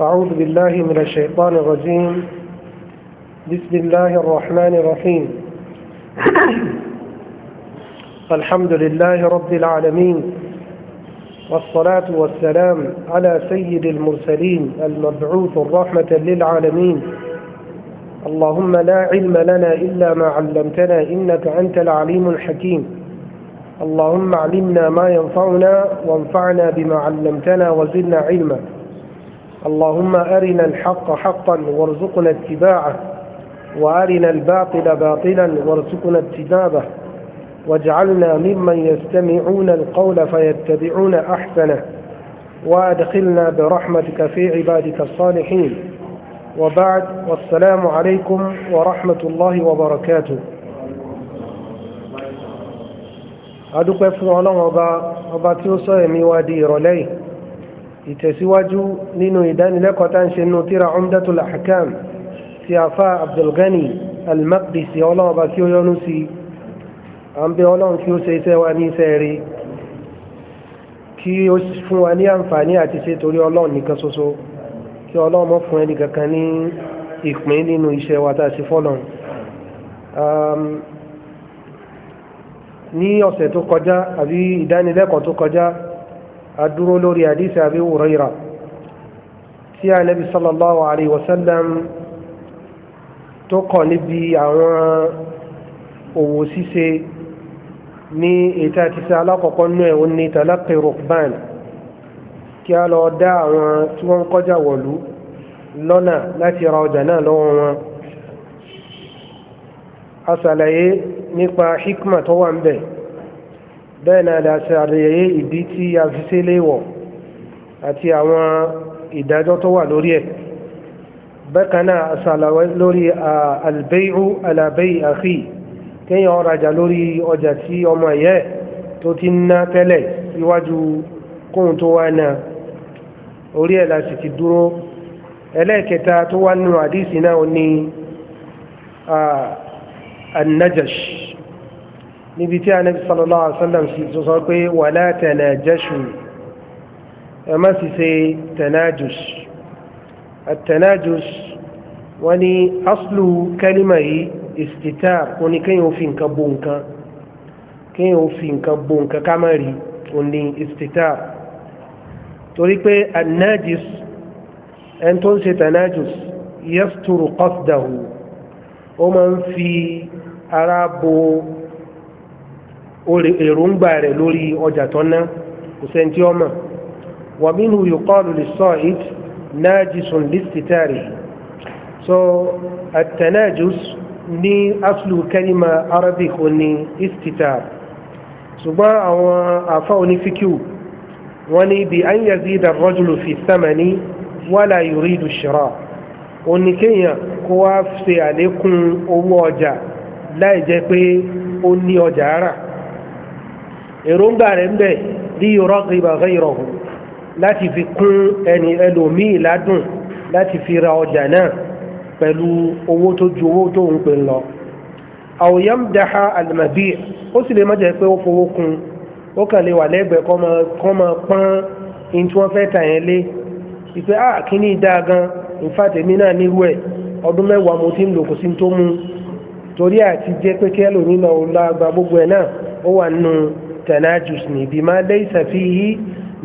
أعوذ بالله من الشيطان الرجيم بسم الله الرحمن الرحيم الحمد لله رب العالمين والصلاة والسلام على سيد المرسلين المبعوث الرحمة للعالمين اللهم لا علم لنا إلا ما علمتنا إنك أنت العليم الحكيم اللهم علمنا ما ينفعنا وانفعنا بما علمتنا وزدنا علما اللهم أرنا الحق حقا وارزقنا اتباعه وأرنا الباطل باطلا وارزقنا اجتنابه واجعلنا ممن يستمعون القول فيتبعون أحسنه وأدخلنا برحمتك في عبادك الصالحين وبعد والسلام عليكم ورحمة الله وبركاته أدوك فضل الله وبا وبا تيوسو يمي ìtẹ̀síwájú nínú ìdánilẹ́kọ̀ọ́ tá ń ṣe nínú tíra umdatul ahkam ti afa abdulgani almaqdisi ọlọ́run ọba kí ó yọ́nú sí i à ń bẹ ọlọ́run kí ó ṣe iṣẹ́ wa ní iṣẹ́ rí kí ó fún wa ní àǹfààní àti ṣe torí ọlọ́run nìkan ṣoṣo kí ọlọ́run mọ́ fún الدرو لوري àdísì àbí wùrẹ́ra tí النبي صلى الله عليه وسلم tó kọ̀ níbi àwọn òwò ṣíṣe ní ètò àti sẹ alákọ̀ọ́kọ́ nú ẹ̀ òun ní talaqi rukban kí a lọ dá àwọn tí wọ́n kọjá wọ̀lú lọ́nà láti ra ọjà náà lọ́wọ́ wọn a ṣàlàyé nípa hikma tó wà ń bẹ̀ bẹ́ẹ̀ náà la ṣe àlàyé ìdí tí a fi ṣe léèwọ̀ àti àwọn ìdájọ́ tó wà lórí ẹ̀ bákan náà aṣàlàyé lórí albei'u ala bei'i akhi kéèyàn ó rajà lórí ọjà tí ọmọ ẹ̀yẹ́ tó ti ń ná tẹ́lẹ̀ síwájú kóhun tó wá náà orí ẹ̀ la ti dúró ẹlẹ́ẹ̀kẹta tó wá nínú àdísì náà ní annajash níbi tí anabi sallallahu alaihi wasallam sì tún sọ pé wala tanajashu ẹ má sì ṣe tanajus at-tanajus wọ́n ní aslu kalima yìí istitar wọ́n ní kéèyàn fi nǹkan bo nǹkan kéèyàn fi nǹkan bo nǹkan ká má rí wọ́n torí pé anajus ẹn tó ń ṣe tanajus yasturu qasdahu ó máa ń fi ara bo èròǹgbà rẹ̀ lórí ọjà tó ná kò sẹ́ni tí ó mọ̀ wa minhu yuqalu lis-sa'id najisun li-istitari so at-tanajus ní aslu kalima arabic oní istitar ṣùgbọ́n àwọn afa onífíkìw wọ́n ní bi an yazida ar-rajulu fi thamani wala yuridu ash-shira' oníkéèyàn kó wá ṣe àlékún owó ọjà láì jẹ́ pé ó ní ọjà rà èròǹgbà rẹ̀ ń bẹ̀ bí yuraghiba ghayrahu láti fi kún ẹni ẹlòmíì ládùn láti fi ra ọjà náà pẹ̀lú owó tó ju owó tó ń pè lọ. aw yamdaha al-mabi' ó sì lè má jẹ́ pé ó fowó kún ó kàn lè wà lẹ́gbẹ̀ẹ́ kọ́ máa pọ́n in tí wọ́n fẹ́ tà yẹn lé ìpè ah kíní dáa gan in náà nírú ẹ̀ ọdún mẹ́wàá mo ti ń lò kò sí tó mú torí àti jẹ́ pé kí ẹlòmíì náà ó lágbá gbogbo ẹ̀ náà ó wà nù tẹ̀nájùsùnì bí máa laysa fihi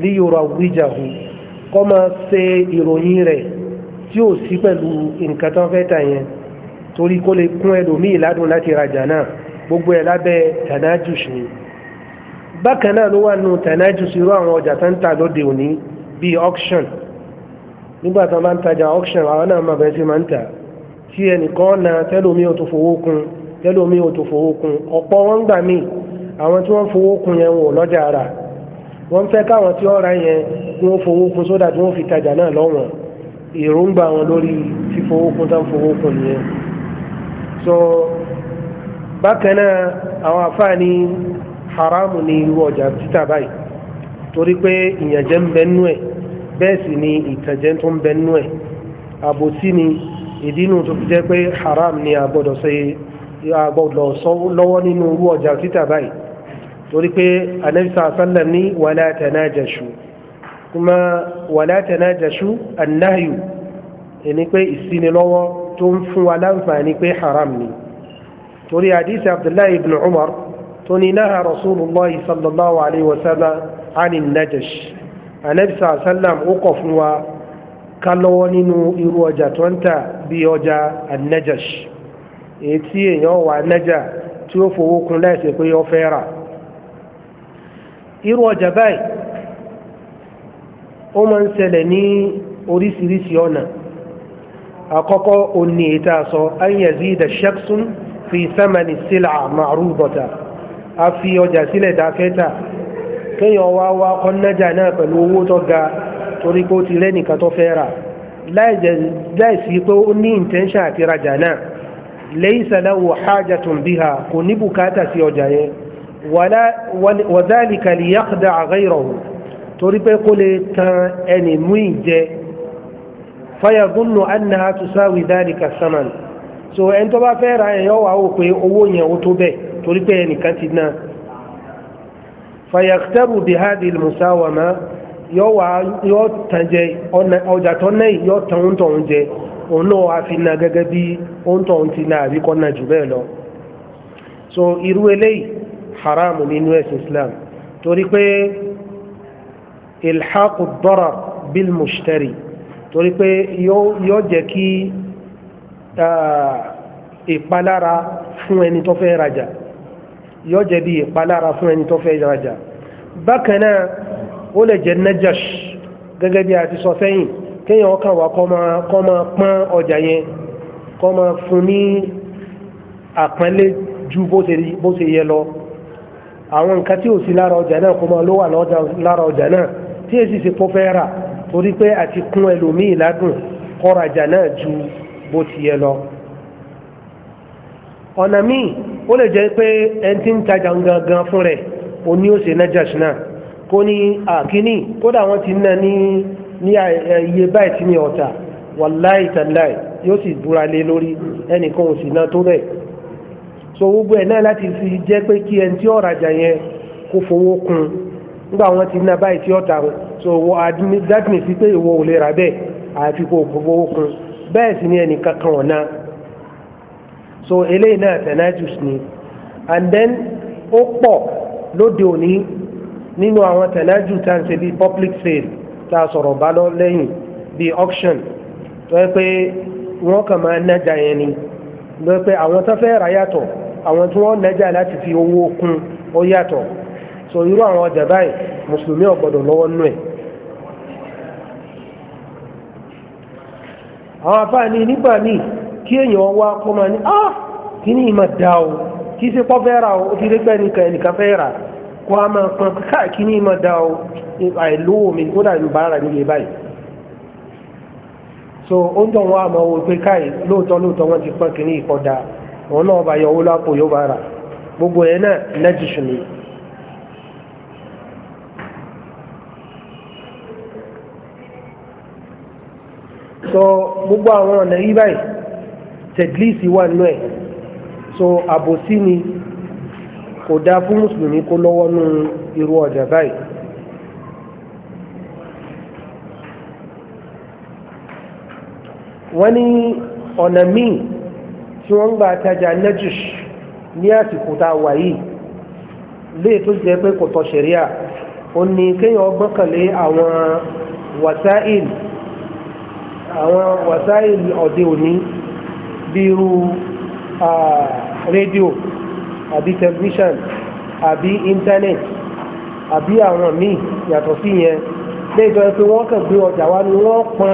liyurawwijahu kọ́ máa ṣe ìròyìn rẹ̀ tí ò sí pẹ̀lú nǹkan tó ń fẹ́ tà yẹn torí kó lè kún ẹlòmíì ládùn láti rajà náà gbogbo ẹ̀ lábẹ́ tẹ̀nájùsùnì bákan náà ló wà nù tẹ̀nájùsùn irú àwọn ọjà tó ń tà lóde òní bíi auction nígbà tó bá auction àwọn náà máa bẹ̀rẹ̀ sí máa ń tà tí ẹnìkan àwọn tí wọ́n fowó kun yẹn wò lọ́jà ara wọ́n fẹ́ káwọn tí ọ̀rá yẹn wọ́n fowó kun sódà tí wọ́n fi tajà náà lọ́wọ́n èròǹgbà wọn lórí fífowó kun tán fowó kun nìyẹn so bákan náà àwọn àfáàní haramu ni irú ọjà títà báyìí torí pé ìyànjẹ ń bẹ ẹ bẹ́ẹ̀ sì ni ìtànjẹ tó ń bẹ ẹ àbòsí ni ìdí tó fi jẹ́ pé haram ni a gbọ́dọ̀ ṣe é gbọ́dọ̀ lọ́wọ́ nínú irú ọjà títà báyìí torí pé anabisa sallam ní wàlá tanajashu kuma wàlá tanajashu annahyu ẹni pé ìsinilọ́wọ́ tó ń fún wa láǹfààní pé haram ni torí hadith abdullahi ibn umar tó ní náà rasulullah sallallahu alayhi wa sallam ani najash anabisa sallam ó kọ̀ fún wa ká lọ́wọ́ nínú irú ọjà tó ń tà bí ọjà annajash èyí tí èèyàn wà nájà tí ó fowó kun láìsí pé ó fẹ́ rà irú ọjà báyìí ó máa ń ṣẹlẹ̀ ní oríṣiríṣi ọ̀nà àkọ́kọ́ òní ìta sọ an yazida shakhsun fi thamani sil'a ma'rudata a fi ọjà sílẹ̀ dáfẹ́ta kéèyàn wá wá kọ́nájà náà pẹ̀lú owó tó ga torí pé ó ti rẹ́nìkan tó fẹ́ rà láìsí pé ó ní intention àti rajà náà laysa lahu hajatun biha kò ní bùkátà sí ọjà yẹn wa dhalika liyaqda'a ghayrahu torí pé kó lè tan ẹni míì jẹ fayadhunnu annaha tusawi dhalika saman so ẹni tó bá fẹ́ ra ẹ̀yọ́ wà ó pé owó yẹn ó tó bẹ́ẹ̀ torí pé ẹnìkan ti ná fayaqtaru bihadhi al-musawama yọ wà yọ tàn jẹ ọjà tó náà yọ tàn ń tọ̀ ń òun náà a fi na gẹ́gẹ́ bí ó ń tọ̀ ń ti na àbí kọ́ jù bẹ́ẹ̀ lọ so irú eléyìí haram nínú ẹ̀sìn Islam torí pé ilhaqu darar bil mushtari torí pé yóò jẹ́ kí ìpalára fún ẹni tó fẹ́ rajà yóò jẹ́ bí ìpalára fún ẹni tó fẹ́ rajà bákan náà ó lè jẹ́ najash gẹ́gẹ́ bí a ti sọ sẹ́yìn kéèyàn kàn wá kọ́ máa kọ́ máa pọ́n ọjà yẹn kọ́ máa fún ní àpọ́nlé ju bó ṣe yẹ lọ àwọn nǹkan tí ò sí lára ọjà náà kó máa ló wà lára ọjà náà tí èsì ṣe kó fẹ́ rà torí pé àti kún ẹlòmíì ládùn kọ́rajà náà ju bó ti yẹ lọ ọ̀nà míì ó lè jẹ́ pé ẹni tí ń tajà gangan fún rẹ̀ o ó ṣe nájàṣ náà kó ní àkíní kódà wọ́n ti ná ní ní iye báyìí tí mi ọ̀tà wàláì tàláì yóò sì búra lé lórí ẹnìkan ò sì ná tó bẹ́ẹ̀ so gbogbo ẹ̀ náà láti fi jẹ́ pé kí ẹni tí ọ̀rajà yẹn kó fowó kún nígbà wọn ti ná báyìí tí ọ̀tà so that means pé ìwọ ò lè rà bẹ́ẹ̀ àfi kó fowó kún bẹ́ẹ̀ sì ni ẹnìkan kan ọ̀nà so eléyìí náà tanajus ni and then ó pọ̀ lóde òní nínú àwọn tanajus tá à ń ṣe bíi public sale tá a sọ̀rọ̀ bá lọ lẹ́yìn bíi auction tó yẹ pé wọ́n kàn máa nájà yẹn ni ló yẹ pé àwọn tó fẹ́ ra yàtọ̀ àwọn tí wọ́n nájà láti fi owó kún ó yàtọ̀ so irú àwọn ọjà báyìí mùsùlùmí ò gbọ́dọ̀ lọ́wọ́ nú ẹ̀. àwọn afáàní nígbà míì kí èèyàn wá kó máa ní ah kí ni ìmọ̀ dá o kí ṣe pọ́ fẹ́ ra o ó ti rí pẹ́ nìkan ẹnìkan fẹ́ rà á kó a máa pọn káàkiri máa da ọ àìlówó mi kó dà bàárà nílé báyìí so ó ń dọ̀ wọ́n àmọ́ wo pé káì lóòótọ́ lóòótọ́ wọ́n ti pọn kìíní ìkọ́dà òun náà bá yọ owó lápò yóò bá rà gbogbo ẹ̀ náà lẹ́jìṣù ni. so gbogbo àwọn ọ̀nà yí báyìí tẹ̀dílísì wà nínú ẹ̀ so àbòsí ni kò dáa fún mùsùlùmí kó lọ́wọ́ nú irú ọjà báyìí. wọ́n ní ọ̀nà míì tí wọ́n ń gba àtajà najish ní àsìkò tá a wà yìí léè tó jẹ́ pé kò tọ́ ṣẹ̀ríà ó ní kéèyàn gbọ́kànlé àwọn wàsáìl àwọn wàsáìl òde òní bíi irú rédíò. Uh, àbí tẹlifíṣàn àbí íńtánẹ́ẹ̀tì àbí àwọn míì yàtọ̀ sí yẹn lè jọ pé wọ́n kàn gbé ọjà wá ni wọ́n pọn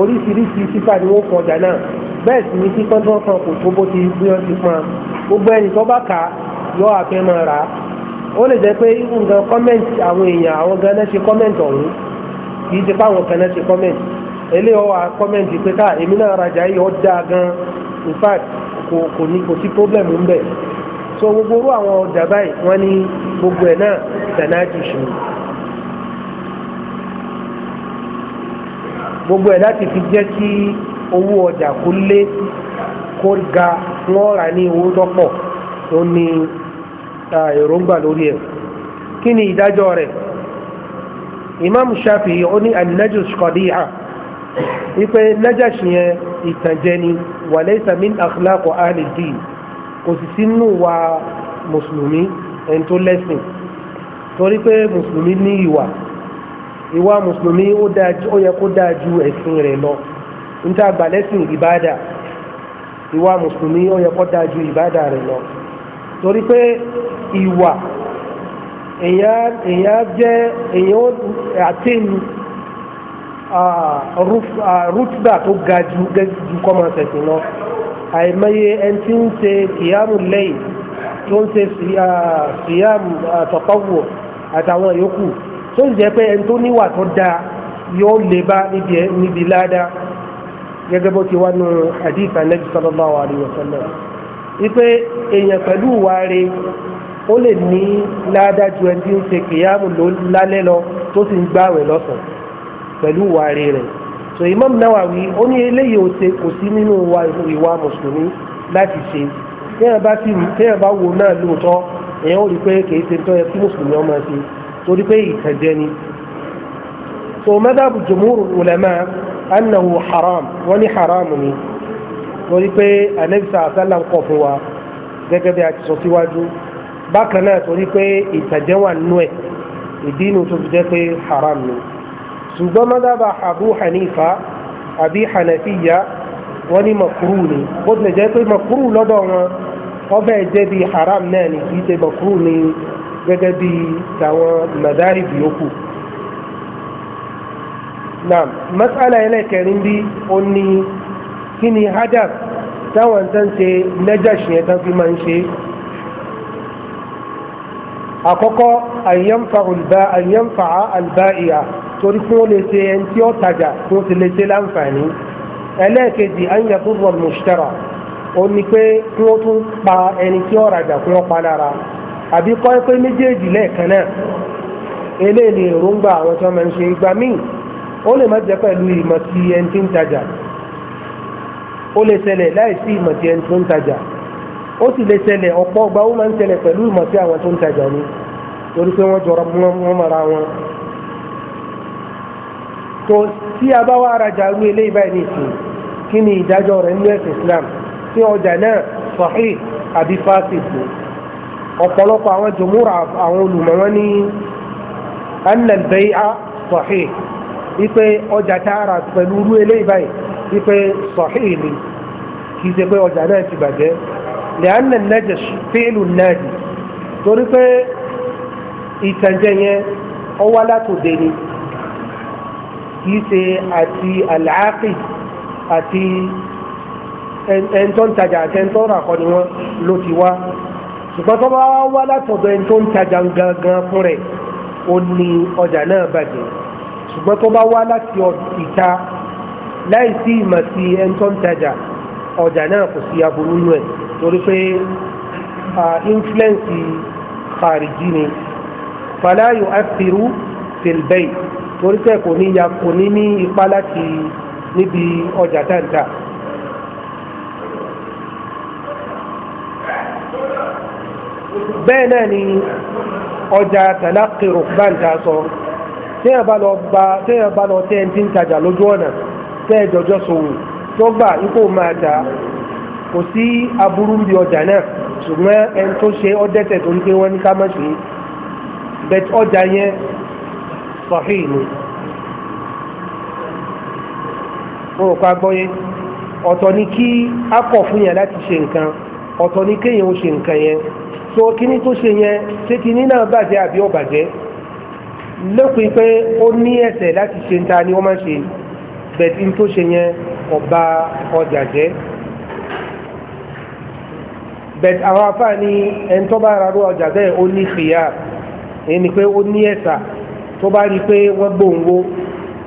oríṣiríṣi títà ni wọ́n pọn ọjà náà bẹ́ẹ̀ sì ni pípọ́n tí wọ́n pọn kò tó bó ti gbé wọn ti pọn gbogbo ẹni tó bá kà á yọ àfẹ́ máa rà á ó lè jẹ́ pé nǹkan kọ́mẹ́ǹtì àwọn èèyàn àwọn gan náà ṣe kọ́mẹ́ǹtì ọ̀hún kì í ṣe pé kan ṣe kọ́mẹ́ǹtì eléyọ̀ wà kọ́mẹ́ǹtì pé ká èmi náà rajà yìí ó dáa gan in fact kò ní kò sí problem ń bẹ̀ so gbogbo orú àwọn ọjà báyìí wọ́n ní gbogbo ẹ̀ náà sànáàjì ṣùgbọ́n gbogbo ẹ̀ láti fi jẹ́ kí owó ọjà kó lé kó ga wọ́n rà ní owó dọ́pọ̀ tó ní èròǹgbà lórí ẹ̀ kí ni ìdájọ́ rẹ̀ imam shafi ó ní an-najash qadi'a yẹn ìtànjẹ ni wa laysa min kò sì sínú wa mùsùlùmí ẹni tó lẹ́sìn torí pé mùsùlùmí ní ìwà ìwà mùsùlùmí ó yẹ kó dáa ju ẹ̀sìn rẹ̀ lọ níta gbà lẹ́sìn ìbáàdà ìwà mùsùlùmí ó yẹ kó dáa ju ìbáàdà rẹ̀ lọ torí pé ìwà èèyàn jẹ́ èèyàn àtẹ́nu ah, ah, rútbà tó ga ju kọ́mọ̀ọ́sẹ̀sìn lọ àìmọye ẹni tí ń ṣe kìyàmù lẹ́yìn tó ń ṣe kìyàmù tọ̀tọ̀wò àtàwọn yòókù tó ń jẹ́ pé ẹni tó níwà tó dáa yóò lè bá níbi ládàá gẹ́gẹ́ bó ti wá nù hadith anabi sallallahu alayhi wa sallam ipe èèyàn pẹ̀lú ìwáre ó lè ní ládàá ju ẹni tí ń ṣe kìyàmù lálẹ́ lọ tó sì ń gbààwẹ̀ lọ́sàn-án pẹ̀lú ìwáre rẹ̀ so Imam Nawawi ó ní eléyìí ò ṣe kò sí nínú ìwà mùsùlùmí láti ṣe téèyàn bá sì téèyàn bá wo náà lóòótọ́ èèyàn ó rí pé kì í ṣe tó yẹ kí mùsùlùmí ọmọ ṣe torí pé ìtẹ̀jẹ́ ni. so madhab jumhur ulama annahu haram wọ́n ní haram ni torí pé anabisa asálàm kọ̀ fún wa gẹ́gẹ́ bí a ti sọ síwájú bákan náà torí pé ìtẹ̀jẹ́ wà nínú ẹ̀ ìdí inú tó fi jẹ́ pé haram ni ṣùgbọ́n mọ́tàbà Abu Hanifa àbí Hanafiya wọ́n ní makuru ni bó tilẹ̀ jẹ́ pé makuru lọ́dọ̀ wọn ọbẹ̀ jẹ́ bí haram náà ni kì í ṣe makuru ni gẹ́gẹ́ bí tàwọn madari yòókù. naam mas'ala ẹlẹ́kẹrin bí ó ní kí ni hadaf táwọn tán ṣe najash yẹn tán fi máa ń ṣe àkọ́kọ́ àyẹ̀mfà àlbáìyà torí pé ó lè ṣe ẹni tí ó tajà tó ti lè ṣe láǹfààní ẹlẹ́ẹ̀kejì àyìnbá tó bọ̀ mùsítẹ́rà ó ní pé kí wọ́n tún pa ẹni tí ó rajà kí wọ́n lára àbí kọ́ ẹ pé méjèèjì lẹ́ẹ̀kan náà eléyìí ni èròǹgbà àwọn tí wọ́n máa ń ṣe ìgbà míì ó lè má jẹ́ pẹ̀lú ìmọ̀ tí ẹni tí ń tajà ó lè ṣẹlẹ̀ láìsí ìmọ̀ tí ẹni tó ń tajà ó sì lè ṣẹlẹ̀ ọ̀pọ̀ ọgbà ó máa ń ṣẹlẹ̀ pẹ̀lú ìmọ̀ àwọn tó ń tajà ni torí pé wọ́n jọra wọ́n mara wọn tó tí a bá wá arajà irú ilé ìbáyìí ní ìsìn kí ni ìdájọ́ rẹ̀ nínú ẹ̀sìn Islam tí ọjà náà sahih àbí fasid ni ọ̀pọ̀lọpọ̀ àwọn jòmúrà àwọn olùmọ̀wọ́n ní annal bay'a sahih wípé ọjà tá a rà pẹ̀lú irú ilé ìbáyìí wípé sahih ni kì í ṣe pé ọjà náà ti bàjẹ́ lẹ́yìn najash fi'lu nadi torí pé ìtànjẹ yẹn ọwọ́ látòde ni kìí ṣe àti àlàáfì àti ẹni tó ń tajà àti ẹni tó ń rà kọ́ ni wọ́n ló ti wá ṣùgbọ́n tó bá wá látọ̀dọ̀ ẹni tó ń tajà gangan fún rẹ̀ ó ní ọjà náà bàjẹ́ ṣùgbọ́n tó bá wá láti ìta láì sí ìmọ̀ sí ẹni tó ń tajà ọjà náà kò sí aburú nù ẹ̀ torí pé influence khariji ni fala yu'athiru fil torí pé kò ní ya kò ní ní ipá láti níbi ọjà táǹtà. bẹ́ẹ̀ náà ni ọjà tàlákìrò báńtà sọ téèyàn bá lọ bá lọ ti ń tajà lójú ọ̀nà tẹ́ jọjọ́ sòwò tó gbà ta kò sí aburú bí ọjà náà ṣùgbọ́n ẹni tó ṣe ọ́ dẹ́tẹ̀ torí ní ká má ṣe sọ̀hìn ni wọn ò pa gbọ́yé ọ̀tọ̀ ni kí a kọ̀ fún yẹn láti ṣe nǹkan ọ̀tọ̀ ni kéèyàn ó ṣe nǹkan yẹn so kíní tó ṣe yẹn ṣé kíní náà bàjẹ́ àbí ó bàjẹ́ lópin pé ó ní ẹ̀ṣẹ̀ láti ṣe ń ni wọ́n máa ṣe bẹ̀tí tó ṣe yẹn ọba ọjà jẹ́ bẹ̀t àwọn afáàní ẹni tó bá ra ọjà bẹ́ẹ̀ ó ní fìyà èyí ni pé ó ní ẹ̀ṣà tó bá rí i pé wọ́n gbòǹgbò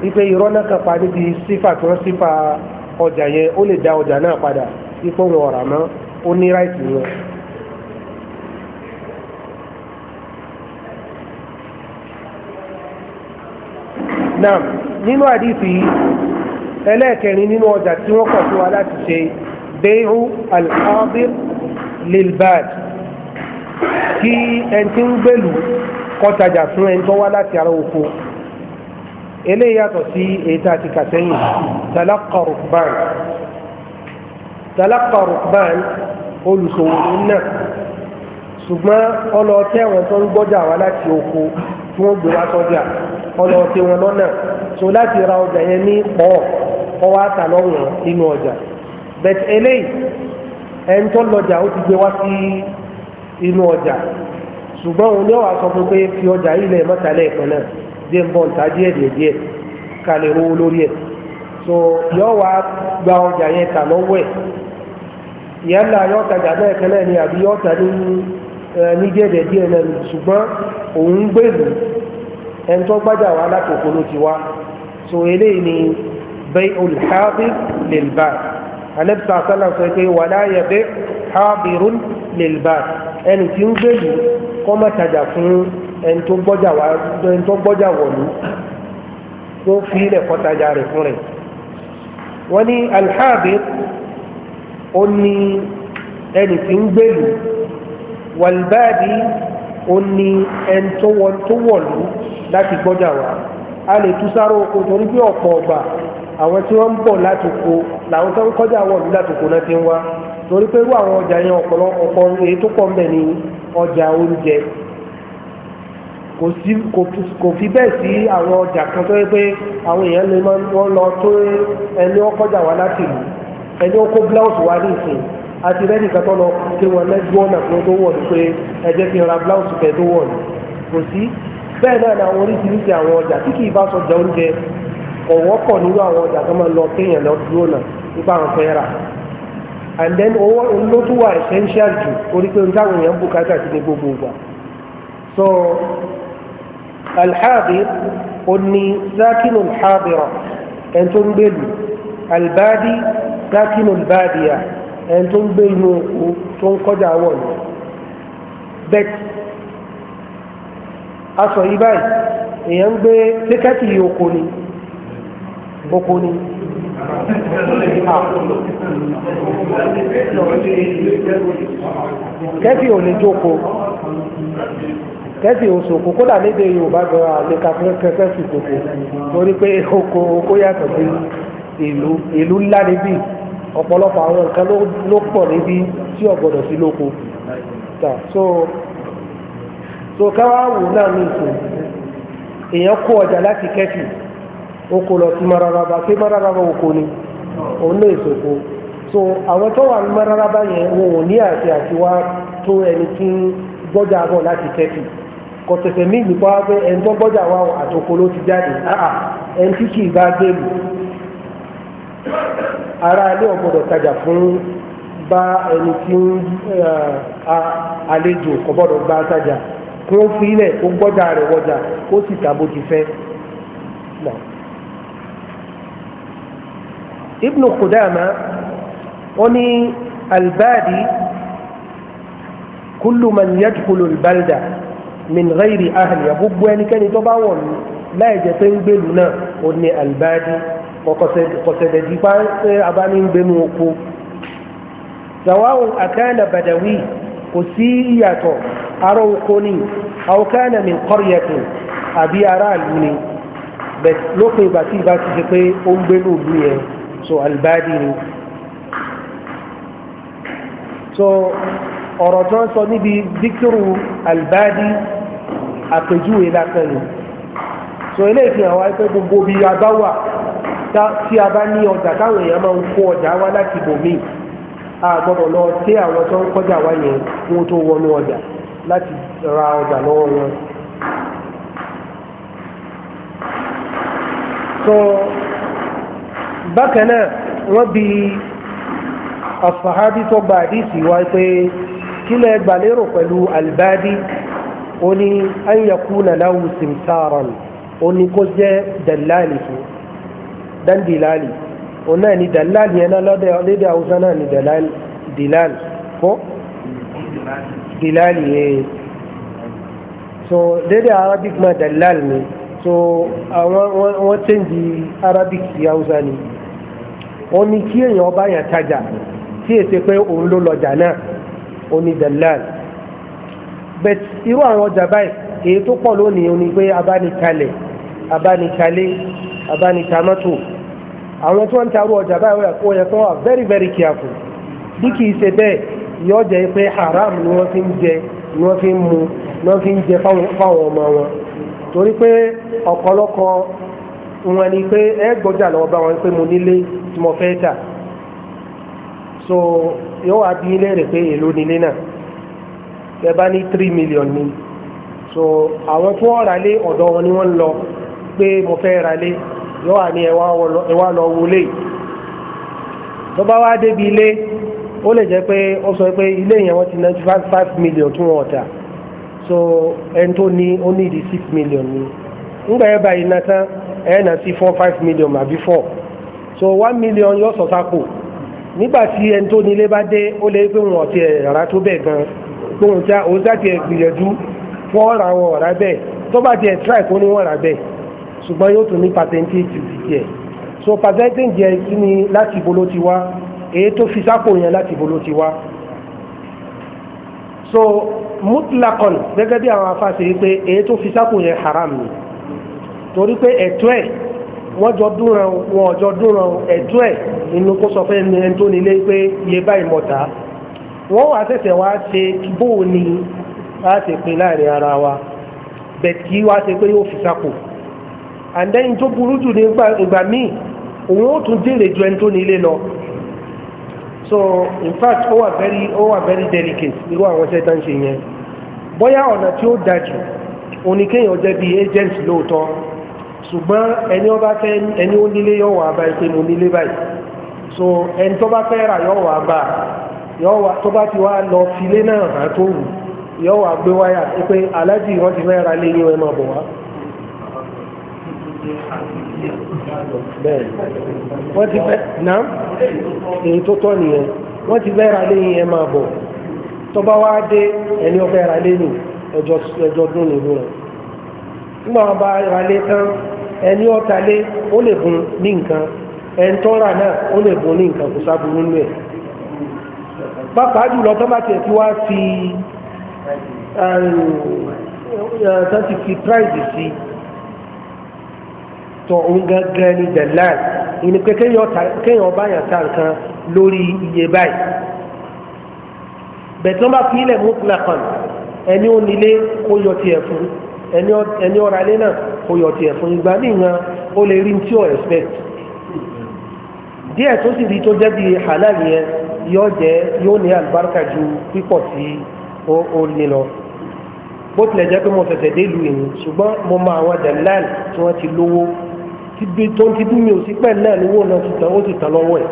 wípé irọ́ náà kàn pa níbi sífà tí wọ́n sífà ọjà yẹn ó lè dá ọjà náà padà ipò wọn ọ̀rà mọ́ ó ní ráìtì yẹn. náà nínú àdìsí ẹlẹ́ẹ̀kẹrin nínú ọjà tí wọ́n kọ̀ fún wa láti ṣe bẹ́ẹ̀rù alhaabir lilbad kí ẹni tí ń gbèlú kọ́tajà fún ẹni tó wá láti ara oko eléyìí yàtọ̀ sí èyí tá a ti kà sẹ́yìn talaka rukban talaka rukban náà ṣùgbọ́n ọlọ́ọ̀tẹ́ wọn tó ń gbọ́jà wá láti oko tí wọ́n gbé wá sọ́jà ọlọ́ọ̀tẹ́ wọn lọ́nà so láti ra ọjà yẹn ní pọ̀ kọ́ wá ṣùgbọ́n òun ni ó wà sọ fún pé fi ọjà ilẹ̀ mọ́tàlẹ́ ìpín náà dé ń bọ̀ ń ta díẹ̀ díẹ̀ díẹ̀ ká lè rówó lórí ẹ̀ so yóò wá gba ọjà yẹn tà lọ́wọ́ ẹ̀ yálà yóò tajà náà kan náà ni àbí yóò tà ní ní díẹ̀ díẹ̀ náà ni ṣùgbọ́n òun gbèlú ẹni tó gbájà wá látòkò ló ti wá so eléyìí ni bay'ul hadir lil bar' alẹ́ bí sàásálà sọ pé wala yabi' hadirun ẹni tí ń gbé yìí kọ́ má tajà fún ẹni tó gbọ́jà wà ẹni tó gbọ́jà wọ̀lú kó fi ilẹ̀ kọ́ tajà rẹ̀ fún rẹ̀ wọ́n ní ó ní ẹni tí ń a lè tú sáró oko torí pé ọ̀pọ̀ ọ̀gbà àwọn tí wọ́n ń bọ̀ láti làwọn tó ń torí pé irú àwọn ọjà yẹn ọ̀pọ̀lọpọ̀ èyí tó pọ̀ mbẹ̀ ni ọjà oúnjẹ kò fi bẹ́ẹ̀ sí àwọn ọjà kan tó yẹ pé àwọn èèyàn lè máa wọ́n lọ tó ẹni ọkọjà wá láti ìlú ẹni ó kó blouse wá ní ìsìn àti lẹ́nìkan tó lọ pé wọn lẹ́gbọ́n ọ̀nà kan tó wọ̀ ní pé ẹ jẹ́ kí n ra blouse kẹ́ tó wọ̀ ní kò sí bẹ́ẹ̀ náà ni àwọn oríṣiríṣi àwọn ọjà tí kì í bá sọjà oúnjẹ ọ̀wọ́pọ̀ nínú àwọn ọjà tó máa lọ kéèyàn lọ dúró náà nípa àwọn fẹ́ rà and then owó ló tún wà essential jù orí pé táwọn èèyàn bùkátà sí ní gbogbo ìgbà so alhadir ó ní zákínù alhadira ẹni tó ń gbé lù albadi zákínù albadiya ẹni tó ń gbé inú oko tó ń kọjá wọ̀ lọ bet aṣọ yìí báyìí èèyàn ń gbé tíkẹ́tì oko ni oko ni kẹ́sì ò ní jókòó kẹ́sì ò sòkò kódà lédè Yorùbá gbọ́ra àlékà kẹ́sì sòkò torí pé oko oko yàtọ̀ sí ìlú ìlú ńlá níbí ọ̀pọ̀lọpọ̀ àwọn nǹkan ló pọ̀ níbí tí ọ̀gbọ̀dọ̀ sí lóko so so káwá wò náà ní ìsìn èèyàn kó ọjà láti kẹ́sì. okolo kó lọ sí mararaba sí mararaba oko ni òun náà so àwọn tó wà ní mararaba yẹn wọn ò ní àti àti wá tó ẹni tí ń gbọ́jà bọ̀ láti kẹ́kì kọ̀tẹ̀tẹ̀ mí nípa pé ẹni tó àtòkò ló ti jáde àà ẹni tí ara ilé ọ̀gbọ́dọ̀ tajà fún bá ẹni tí ń eh, àlejò kò gbá tajà kó fi ilẹ̀ kó gbọ́jà rẹ̀ wọjà ti fẹ́. ibn Qudama ó ní albadi kullu man yadkhulu albalda min ghairi ahliya gbogbo ẹnikẹ́ni tó bá wọ̀ ní láì jẹ́ pé ń gbèlú náà ó ní albadi kọ̀sẹ̀dẹ̀dì pa ṣé abáni ń gbénu oko sawa'un akana badawi kò sí ìyàtọ̀ ará oko ni aw kana min qaryatin àbí aráàlú ni bẹ́ẹ̀ lópin ìgbà tí ìbá ti ṣe pé ó ń gbénu ìlú yẹn so albadi ni so ọ̀rọ̀ tí wọ́n sọ níbi díkìrù albadi àpèjúwe lásán so eléyìí fi hàn wá pé gbogbo bíi abáwà tí a bá ní ọjà táwọn èèyàn máa ń kó ọjà wá láti ibòmíì a lọ sí àwọn tó ń kọjá wá yẹn wọn tó wọnú ọjà láti ra ọjà lọ́wọ́ wọn. so bákan náà wọ́n bi asahabi tó gba àdìsí wa pé kí lè gbàlérò pẹ̀lú albadi ó ní an yakuna lahu simsaran ó ní kó jẹ́ dàlálì fún dandilali ó náà ní dàlálì yẹn náà lédè haúsá náà ní dàlálì fún dilali yẹn eh. so lédè arabic ma dàlálì ni so àwọn wọ́n tẹ́ǹdì arabic sí haúsá ni. ó ní kí èèyàn bá yàn tajà tí èsì pé òun ló Bet, náà ó ní dalal bẹ́ẹ̀ irú àwọn ọjà báyìí èyí tó pọ̀ lónìí ó pé abánikalẹ̀ abánikalẹ̀ abánitamọ́tò àwọn tí ń tarú ọjà báyìí ó yẹ kó wà very very careful bí kìí ṣe bẹ́ẹ̀ jẹ́ pé haram ni wọ́n fi ń jẹ ni fi ń mu ni wọ́n fi ń jẹ fáwọn ọmọ wọn torí pé wọn ni pé ẹ gbọ́jà lọ́wọ́ bá wọn pé mo nílé tí mo fẹ́ tà so yóò wá bí ilé rẹ̀ pé èló nílé náà ẹ bá ní three million ni so àwọn tí wọ́n ralé ọ̀dọ̀ wọn ni wọ́n ń lọ pé mo fẹ́ ralé yóò wá ní ẹ wá lọ wọlé tó bá wá débi ilé ó lè jẹ́ pé ó sọ pé ilé yẹn wọ́n ti ná five million tí wọ́n ọ̀tà so ẹni tó ní ó ní di six million ni ńgbà ẹ bá iná tán ẹ̀ sí four five million àbí before, so one million yóò sọ sápò nígbà tí ẹni tó nílé bá dé ó lè pé wọn ọ̀tí ẹ̀rá tó bẹ̀ gan pé wọn já òun jáde gbìyànjú fún ọ̀rà wọn ọ̀rá bẹ́ẹ̀ tó bá tiẹ̀ tíráì kó ní wọn rà bẹ́ẹ̀ ṣùgbọ́n yóò tún ní pàtẹ́ǹtì ti so patenti jẹ́ kí ni láti ibo ló ti wá èyí tó fi sápò yẹn láti ibo ló ti wá so mutlakon gẹ́gẹ́ bí àwọn afáṣe yìí pé èyí tó fi sápò yẹn haram ni torí pé ẹ̀tọ́ ẹ̀ wọ́n jọ dúnra wọn jọ dúnra ẹ̀tọ́ ẹ̀ inú kó sọ fẹ́ ni ẹni tó nílé pé iye báyìí mọ̀ tá wọ́n wàá ṣẹ̀ṣẹ̀ wá ṣe bóò ni a ṣe pin láàrin ara wa bẹ̀ẹ̀ kí wá ṣe pé yóò fi sápò and then tó burú jù ní ìgbà míì òun ó tún jèrè ju ẹni tó nílé lọ so in fact ó wà very ó wà very delicate irú àwọn iṣẹ́ tó ń ṣe yẹn bóyá ọ̀nà tí ó dájú oníkéèyàn jẹ́ bíi agent lóòótọ́ ṣùgbọ́n ẹni ó bá fẹ́ ẹni ó nílé yọ wà báyìí pé mo nílé báyìí so ẹni tó bá fẹ́ rà yọ wà bá yọ wà tó bá ti wá lọ filé náà hàn tó wù yọ wà gbé wáyà pé aláàjì wọn ti fẹ́ ra lé yín ẹ máa bọ̀ wá. bẹ́ẹ̀ wọ́n ti fẹ́ náà èyí tó tọ́ nìyẹn wọ́n ti fẹ́ ra lé yín ẹ máa bọ̀ tó bá wá dé ẹni ó fẹ́ ra lé yín ẹjọ́ dún nínú nígbà wọn bá ra lé tán ẹni ọ̀tá lé ó lè bùn ní nǹkan ẹni tó rà náà ó lè bùn ní nǹkan kò sábúrú nù pàápàá jùlọ tó tiẹ̀ tí wá fi tó ti fi price sí tọ̀ òun gangan ní the land ìní pé kéèyàn bá yàn ta nǹkan lórí iye báyìí bẹ̀tọ́ bá fi ilẹ̀ mú plan ẹni ó nílé kó yọ tiẹ̀ fún un ẹni ọ̀rọ̀ alẹ́ náà kò yọ̀ tiẹ̀ fún ìgbà nìyẹn ó lè rí tí ó expect díẹ̀ tó sì rí tó jẹ́ bí halal yẹn yóò jẹ́ yóò ní àlùbáríkà ju pípọ̀ sí ó lé lọ bó tilẹ̀ jẹ́ pé mo fẹ̀fẹ̀ dé ìlú yìí ṣùgbọ́n mo mọ àwọn dalal tí wọ́n ti lówó tó ń ti bí mi ò sí pẹ̀lú náà lówó náà ti tàn ó ti tàn lọ́wọ́ ẹ̀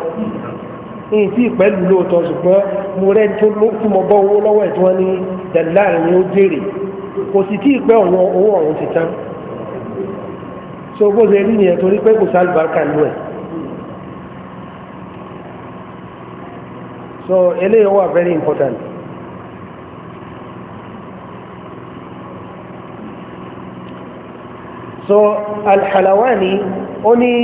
ní ti pẹ̀lú lóòótọ́ ṣùgbọ́n mo rẹ́ tó mo bọ́ owó lọ́wọ́ ẹ̀ tí wọ́n ní dalal ni ó jèrè kò sì tí ì pẹ́ ọ̀run owó ọ̀run ti tán so bó ṣe rí nìyẹn torí pé kò sálùbáríkà ló ẹ̀ so eléyìí wà very important. so alhalawani ó ní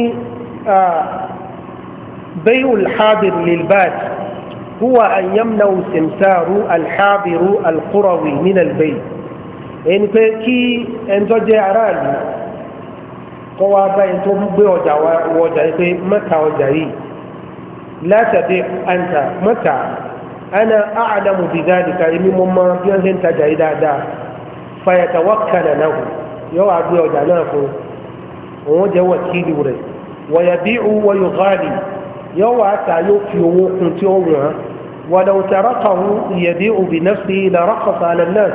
بيع الحاضر للبات هو أن يمنع استمسار الحاضر القروي من البيت ẹni pé kí ẹni tó jẹ́ aráàlú kọ́ wá bá ẹni tó ń gbé ọjà wọ ọjà yìí pé mẹ́ta ọjà yìí látàdé àǹtà mẹ́ta ana a'lamu bi dhalika èmi mo mọ bí wọ́n ṣe ń tajà yìí dáadáa fayatawakkala lahu yóò wá gbé ọjà náà fún òun jẹ́ wàkílì rẹ̀ wayabi'u wa yughali yóò wá ta yóò fi owó kun tí ó wọ̀n walau tarakahu yabi'u bi nafsihi la raqasa ala an-nas.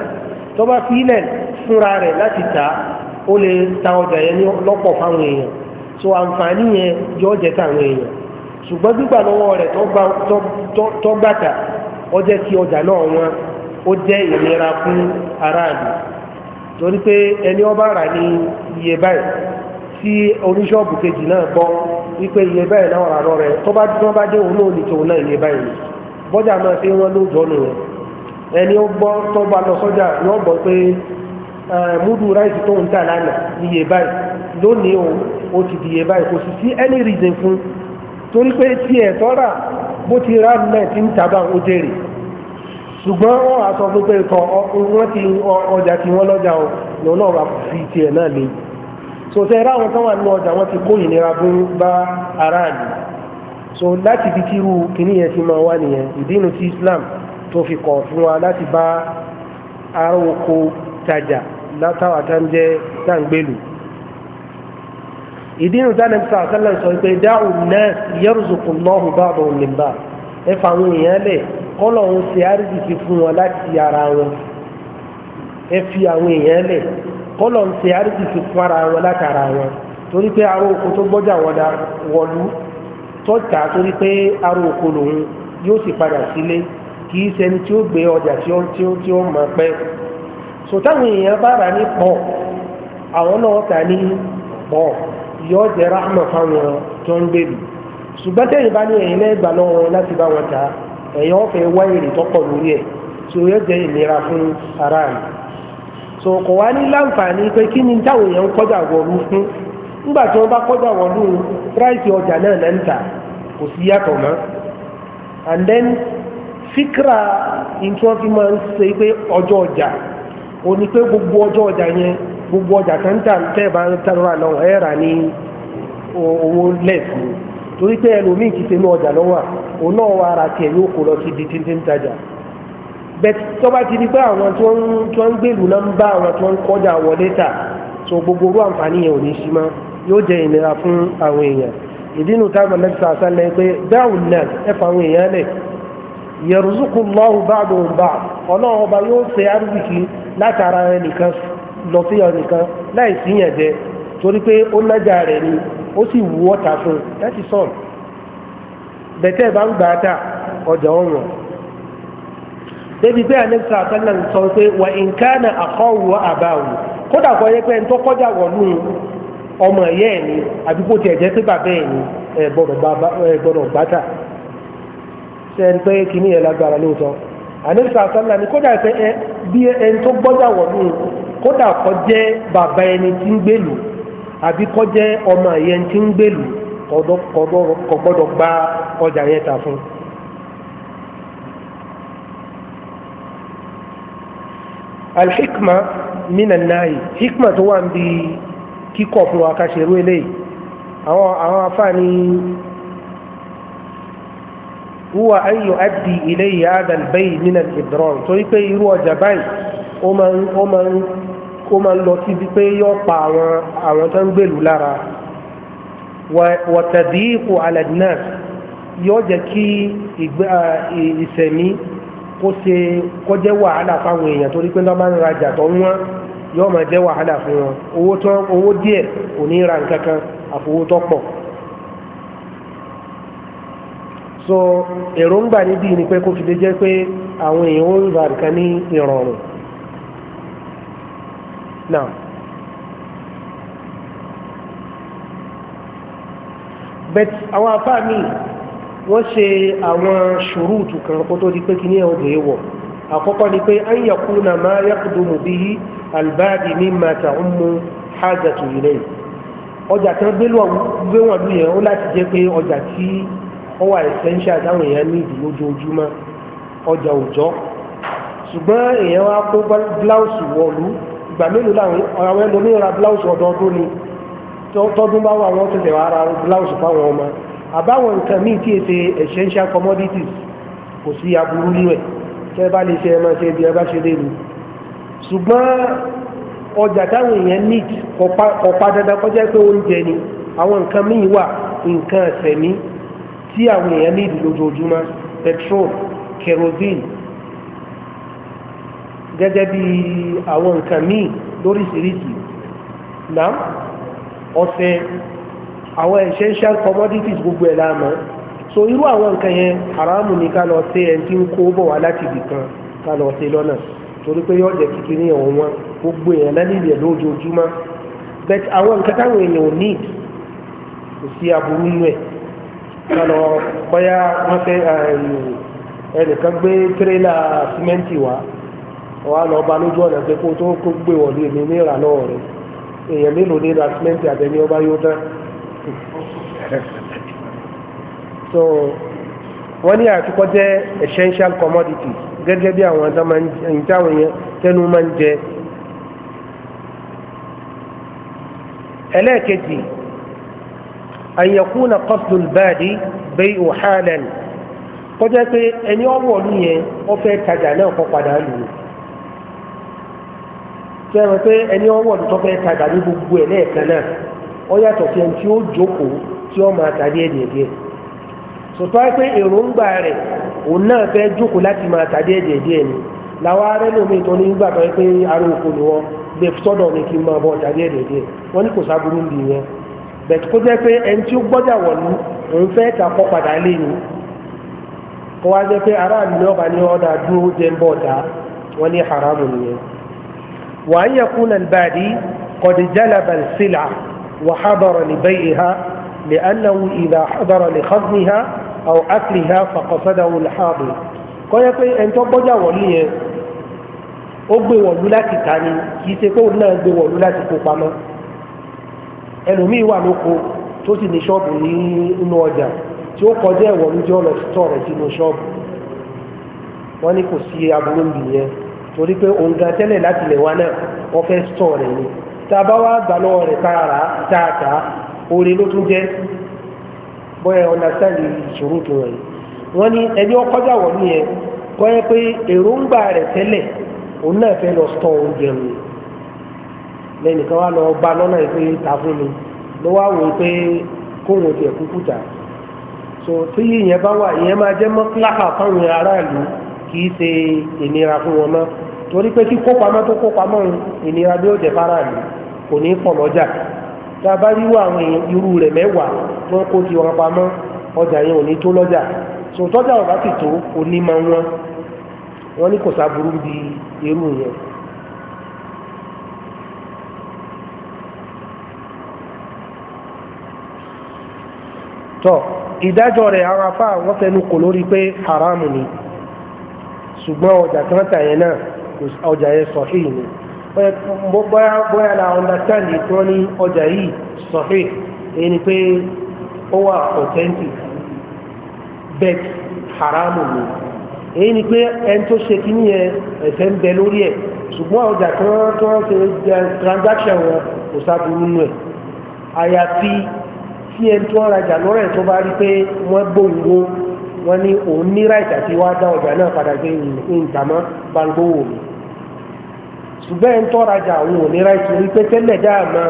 tọba bá filẹ̀ fúnra rẹ̀ láti ta ó lè ta ọjà yẹn lọ́pọ̀ fáwọn èèyàn so àǹfààní yẹn yọ jẹ́ táwọn èèyàn ṣùgbọ́n gbígbà lọ́wọ́ rẹ̀ tó ọjẹ kí ọjà náà wọn ó jẹ ìnira fún aráàlú torí pé ẹni ọba rà ní iye báyìí tí oníṣọ́ọ̀bù kejì náà gbọ́ wípé iye báyìí náà rà dé òun náà ní tòun náà iye báyìí ẹni ó gbọ́ tó bá lọ sọ́jà yóò gbọ́ pé múdù ráìsì tó ń tà lánàá iye báyìí lónìí o ó ti di iye báyìí kò sì sí any reason fún torí pé tiẹ̀ tọ́ra bó ti rà náà ti ń tàbá ó jèrè ṣùgbọ́n wọ́n á sọ fún pé kọ wọ́n ti ọjà tí wọ́n lọ́jà o lòun náà wà fi tiẹ̀ náà lé sòtẹ́ ráwọn kan wà nínú ọjà wọn ti kó ìnira bá aráàlú so láti fi tírú kìnìyẹn ti máa wá nìyẹn ìdí inú ti Islam tó fi kọ̀ fún wa láti bá ará oko tajà látàwà tá ń jẹ́ tá ń gbèlú ìdí nu dáná bí sàkálà sọ pé dáhùn náà yẹrùsùkù lọ́hùn bá àbọ̀ nìbà ẹ fà àwọn èèyàn lẹ̀ kọ́lọ̀ ń ṣe àrídìkì fún wọn láti ara wọn ẹ fi àwọn èèyàn lẹ̀ kọ́lọ̀ ń ṣe àrídìkì fún ara wọn láti ara wọn torí pé aró oko tó gbọ́jà wọlú tọ́ta torí pé aró oko lòun yóò sì padà sílé. kì í tí ó gbé ọjà tí ó tí ó tí ó mọ pẹ́ so táwọn èèyàn bá rà ní pọ àwọn náà tà ní pọ yọ jẹ rahma fáwọn tó ń gbèlú ṣùgbọ́n tẹ̀yìn bá ní ẹ̀yìn lẹ́gbàá láti bá wọn ta ẹ̀yìn ọ̀fẹ́ wá lórí ẹ̀ so yọ jẹ fún ara rẹ̀ so kò wá ní láǹfààní pé kí ni táwọn èèyàn kọjá fún nígbà tí bá kọjá ọjà náà kò sí yàtọ̀ mọ́ and fíkra ìtú wọn fi máa ń ṣe pé ọjà ò ní pé gbogbo ọjọ ọjà yẹn gbogbo ọjà tó ń ń rà ní owó torí pé ẹlòmíì ṣe ní ọjà lọ́wọ́ òun náà wà ara yóò kó lọ sí tí ń tajà ti di pé àwọn tí ń gbèlú náà ń bá àwọn tí ń kọjá wọlé tà so gbogbo orú àǹfààní yẹn ò ní fún àwọn èèyàn yẹrùsùkù lọ́wọ́ báàdù báà ọlọ́run ọba yóò fẹ́ arúgbìkì látara ẹnìkan lọ sí ẹnìkan láì sí yẹn jẹ torí pé ó nájà rẹ̀ ni ó sì wú ọ̀tà fún un láti sọ̀n bẹ̀tẹ̀ bá ń gbà á ọjà ọ̀rùn. débi pé anẹ́sà àtàlà ń sọ pé wà kódà kọ́ yẹ pé ń wọ̀lú ọmọ ẹ̀yẹ́ ẹ̀ ni pé bàbá ẹ̀ ni ẹ̀ gbọ́dọ̀ sẹ́ni pé kìíní yẹn lágbára lóòótọ́ àníṣà sálà ni kódà pé ẹ bí ẹni tó gbọ́dọ̀ wọ̀ mí kódà kó jẹ́ bàbá ẹni tí ń gbèlú àbí kó jẹ́ ọmọ ẹ̀yẹn tí ń gbèlú kò gbọ́dọ̀ gba ọjà yẹn ta fún alhikma mina naayi hikma tó wà ń bi kíkọ̀ fún wa ká ṣerú eléyìí àwọn àwọn afáàní. wúwa an yu'addi ilayhi hadha al-bay' min al-idrar torí pé ọjà báyìí ó máa ń ó máa ń ó máa ń lọ pé yọ pa àwọn àwọn tó ń gbèlú lára wa ala an-nas yóò jẹ́ kí ìsẹ̀mí kó ṣe kó jẹ́ wàhálà fáwọn èèyàn torí pé lọ́ba ń rajà tó ń wọ́n yóò máa jẹ́ wàhálà fún wọn owó díẹ̀ kò ní ra nǹkan kan so èròǹgbà níbí ni pé kó fi lè jẹ́ pé àwọn èèyàn ń ra nǹkan ní ìrọ̀rùn náà bet àwọn afá mi wọ́n ṣe àwọn ṣùrùtù kan kó tó di pé kí ní ẹ̀hún wọ̀ àkọ́kọ́ ni pé an yakuna ma yaqdumu bihi albadi mimma ọjà kan gbé wọn lóyè ó láti jẹ́ pé ọjà tí ó wà essential táwọn èèyàn ní ìdílójoojúmọ́ ọjà òòjọ́ ṣùgbọ́n èèyàn wá kó blouse wọ̀lú ìgbà mélòó làwọn àwọn ẹlòmíràn ra blouse ọdọọdún ni tọdún bá wà wọ́n tẹ̀sẹ̀ wá ra blouse fáwọn ọmọ àbáwọn nǹkan míì tí èsè essential commodities kò sí aburú nínú ẹ̀ tẹ́ bá lè ṣe ẹ máa ṣe bí ẹ bá ṣe lélu ṣùgbọ́n ọjà táwọn èèyàn need kọ̀pá dandan kọjá pé oúnjẹ ni àwọn nǹkan míì wà nǹkan ẹ̀sẹ̀ ní tí àwọn èèyàn ní ìdí lójoojúmọ́ petrol kerosene gẹ́gẹ́ bí àwọn nǹkan míì lóríṣiríṣi náà ọ̀sẹ̀ àwọn essential commodities gbogbo ẹ̀ láàmú so irú àwọn nǹkan yẹn haramu ni ká lọ sí ẹni tí ń kó bọ̀ wá láti ibì kan ká lọ sí lọ́nà torí pé yọ̀ọ́ jẹ́ kíkiri ẹ̀wọ̀n wọn gbogbo èèyàn lẹ́nìí lójoojúmọ́ but àwọn nǹkan táwọn èèyàn ò ní kò sí aburú nù ẹ̀ lọ́lọ́ bọ́yá wọ́n fẹ́ ẹnìkan gbé tírélà símẹ́ǹtì wá wọ́n á lọ bá lójú ọ̀nà pé kó tó kó gbé wọ̀lú èmi ní ìrànlọ́wọ́ rẹ̀ èèyàn mélòó ní ra símẹ́ǹtì àtẹni ọba yóò tán so wọ́n ní àtikọ́ jẹ́ essential commodity gẹ́gẹ́ bí àwọn ìtàwọn yẹn tẹnu máa ń jẹ ẹlẹ́ẹ̀kejì أن يكون قصد البادي بيع حالا kọjá pé ẹni ọwọ́ ọdún yẹn ọ fẹ tajà náà kọ padà lù ú ṣe rẹ pé ẹni ọwọ́ ọdún tó fẹ́ tajà ní gbogbo ẹ̀ lẹ́ẹ̀kan náà ó yàtọ̀ sí ẹni tí ó jókòó tí ó máa tàdí ẹ̀dẹ̀ díẹ̀ sọtọ́ pé èròǹgbà rẹ òun náà fẹ jókòó láti máa ni làwọn ní gbà tó yẹ pé ni mi kí bẹ̀tù kó jẹ́ pé ẹni tí ó gbọ́dọ̀ wọ̀lú òun fẹ́ ta kọ́ padà lé ni kó wá jẹ́ pé aráàlú ní ọba ní ọ̀dà dúró jẹ́ ń bọ̀ dá wọ́n ní haramu nìyẹn. wà á yẹ̀kú nà bàdí kọ̀dí jálàbà sílà wà á bọ̀rọ̀ ní bẹ́yì ha lè anáwó ìlà bọ̀rọ̀ ní xọ́gbìn ha àwọn àkìlì ha fàkọ̀sọ́dàwó lè hàbù. kó jẹ́ pé ẹni tó gbọ́dọ̀ wọ̀lú yẹn ó gbé wọ̀lú láti ẹlòmíì wà lóko tó sì ní ṣọ́ọ̀bù ní inú ọjà tí ó kọjá ẹ̀wọ̀n ní jọ́ọ̀lọ̀ títọ̀ rẹ̀ sínú ṣọ́ọ̀bù wọ́n ní kò sí aburú ń bì torí pé òun gan tẹ́lẹ̀ láti lè wá náà wọ́n fẹ́ tọ̀ rẹ̀ ni tá a bá wá gbà lọ́wọ́ rẹ̀ tààrà tààtà oore ló tún jẹ́ bóyá ọ̀nàstáìlì ìṣòro tó rẹ̀ wọ́n ní ẹni ọkọjá wọ̀ ní kọ́ lẹ́nìkan wá lọ gba lọ́nà yìí pé ta fún mi ló wá wò ó pé kóhun tiẹ̀ kúkú tà so tí ìyẹn bá wà ìyẹn máa jẹ́ mọ́kíláhà fáwọn aráàlú kì í ṣe ìnira fún wọn mọ́ torí pé kí kópamọ́ tó kópamọ́ ìnira bí ó jẹ́ fáráàlú kò ní pọ̀ lọ́jà tá a bá rí wọ àwọn irú rẹ̀ mẹ́wàá tó ń kó tiwọn pamọ́ ọjà yẹn ò ní tó lọ́jà so tọ́jà ọ̀bá sì tó onímọ̀ wọn wọn ní kò sábúrú bí irú yẹn Tọ ìdájọ́ rẹ àwọn afá wọ́n fẹnu kò lórí pé haramu ni ṣùgbọ́n ọjà kan tà yẹn náà ọjà yẹn sọ̀hí ni bóyá bóyá la understand tí wọ́n ní ọjà yìí sọ èyí ni pé ó wà authentic bet haramu ni èyí ni pé ẹni tó ṣe kí nìyẹn ẹ̀fẹ̀ ń bẹ lórí ẹ̀ ṣùgbọ́n ọjà kan tó ń ṣe eh, transaction wọn kò sábà nínú ẹ̀ àyàfi tí ẹni tó ń rajà lọ́rẹ̀ tó bá rí pé wọ́n gbóngbó wọ́n ní òun ní ráìtì àti wá dá ọjà náà padà gbé ìtàmọ́ bangbówó mi ṣùgbọ́n ẹni tó rajà òun ò ní rí pé tẹ́lẹ̀ dáàmà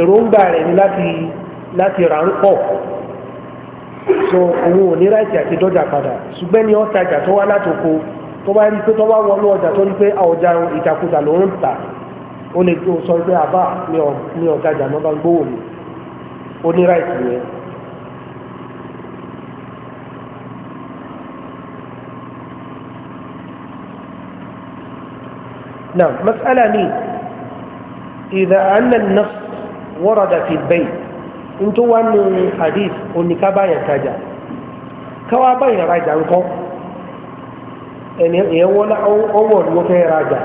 èròǹgbà rẹ̀ ni láti rà ń pọ̀ so òun ò ní ráìtì àti dọ́jà padà ṣùgbọ́n ni ó tajà tó wá látòkò tó bá rí pé tó bá wọnú ọjà tó rí pé ọjà ìtàkùtà ló ń tà ó lè tó sọ pé àbá mi ọ̀gájà mọ́ bá mi oníráìtì yẹn. نعم مسألة مين إذا أن النص ورد في البيت انتو وان حديث ونكا باين تاجا كوا باين راجع انكو ẹni ìyẹn wọ́n ọwọ́ ni wọ́n fẹ́ rajà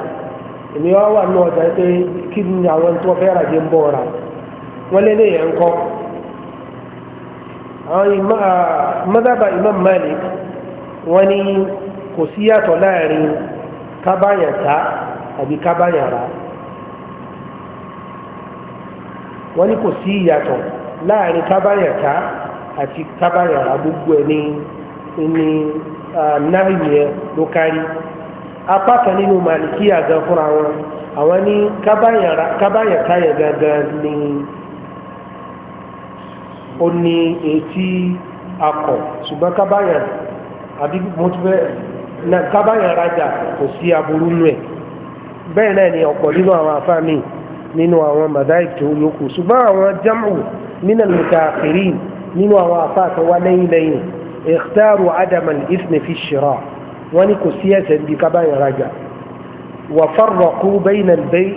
èmi wá wà ní ọjà pé kí ni àwọn tó fẹ́ rajà ń bọ̀ ra wọ́n lé ní ìyẹn ń mọ́dábà imam malik wọ́n ní kò sí yàtọ̀ láàrin kábàyàn ta àbí kábàyàn ra wọ́n ní kò sí ìyàtọ̀ láàrin kábàyàn ta àti kábàyàn ra gbogbo ẹ̀ ní ní náà yẹn ló kárí apá kan nínú malikiya gan fúnra wọn àwọn ní kábàyàn ta yẹn gangan ní ó ní etí akọ̀ ṣùgbọ́n kábàyàn àbí mọ́túfẹ́ kábàyàn rajà kò sí aburú nù ẹ̀ bẹ́ẹ̀ náà ni ọ̀pọ̀ nínú àwọn afáàmì nínú àwọn madaik tó yòókù ṣùgbọ́n àwọn jamu nínú al-mutaakhirin nínú àwọn afáàtọ̀ wá lẹ́yìn lẹ́yìn ikhtaru adama al fi shira wọ́n ní kò sí ẹ̀ṣẹ̀ bí kábàyàn rajà wà farraqu bayna al-bay'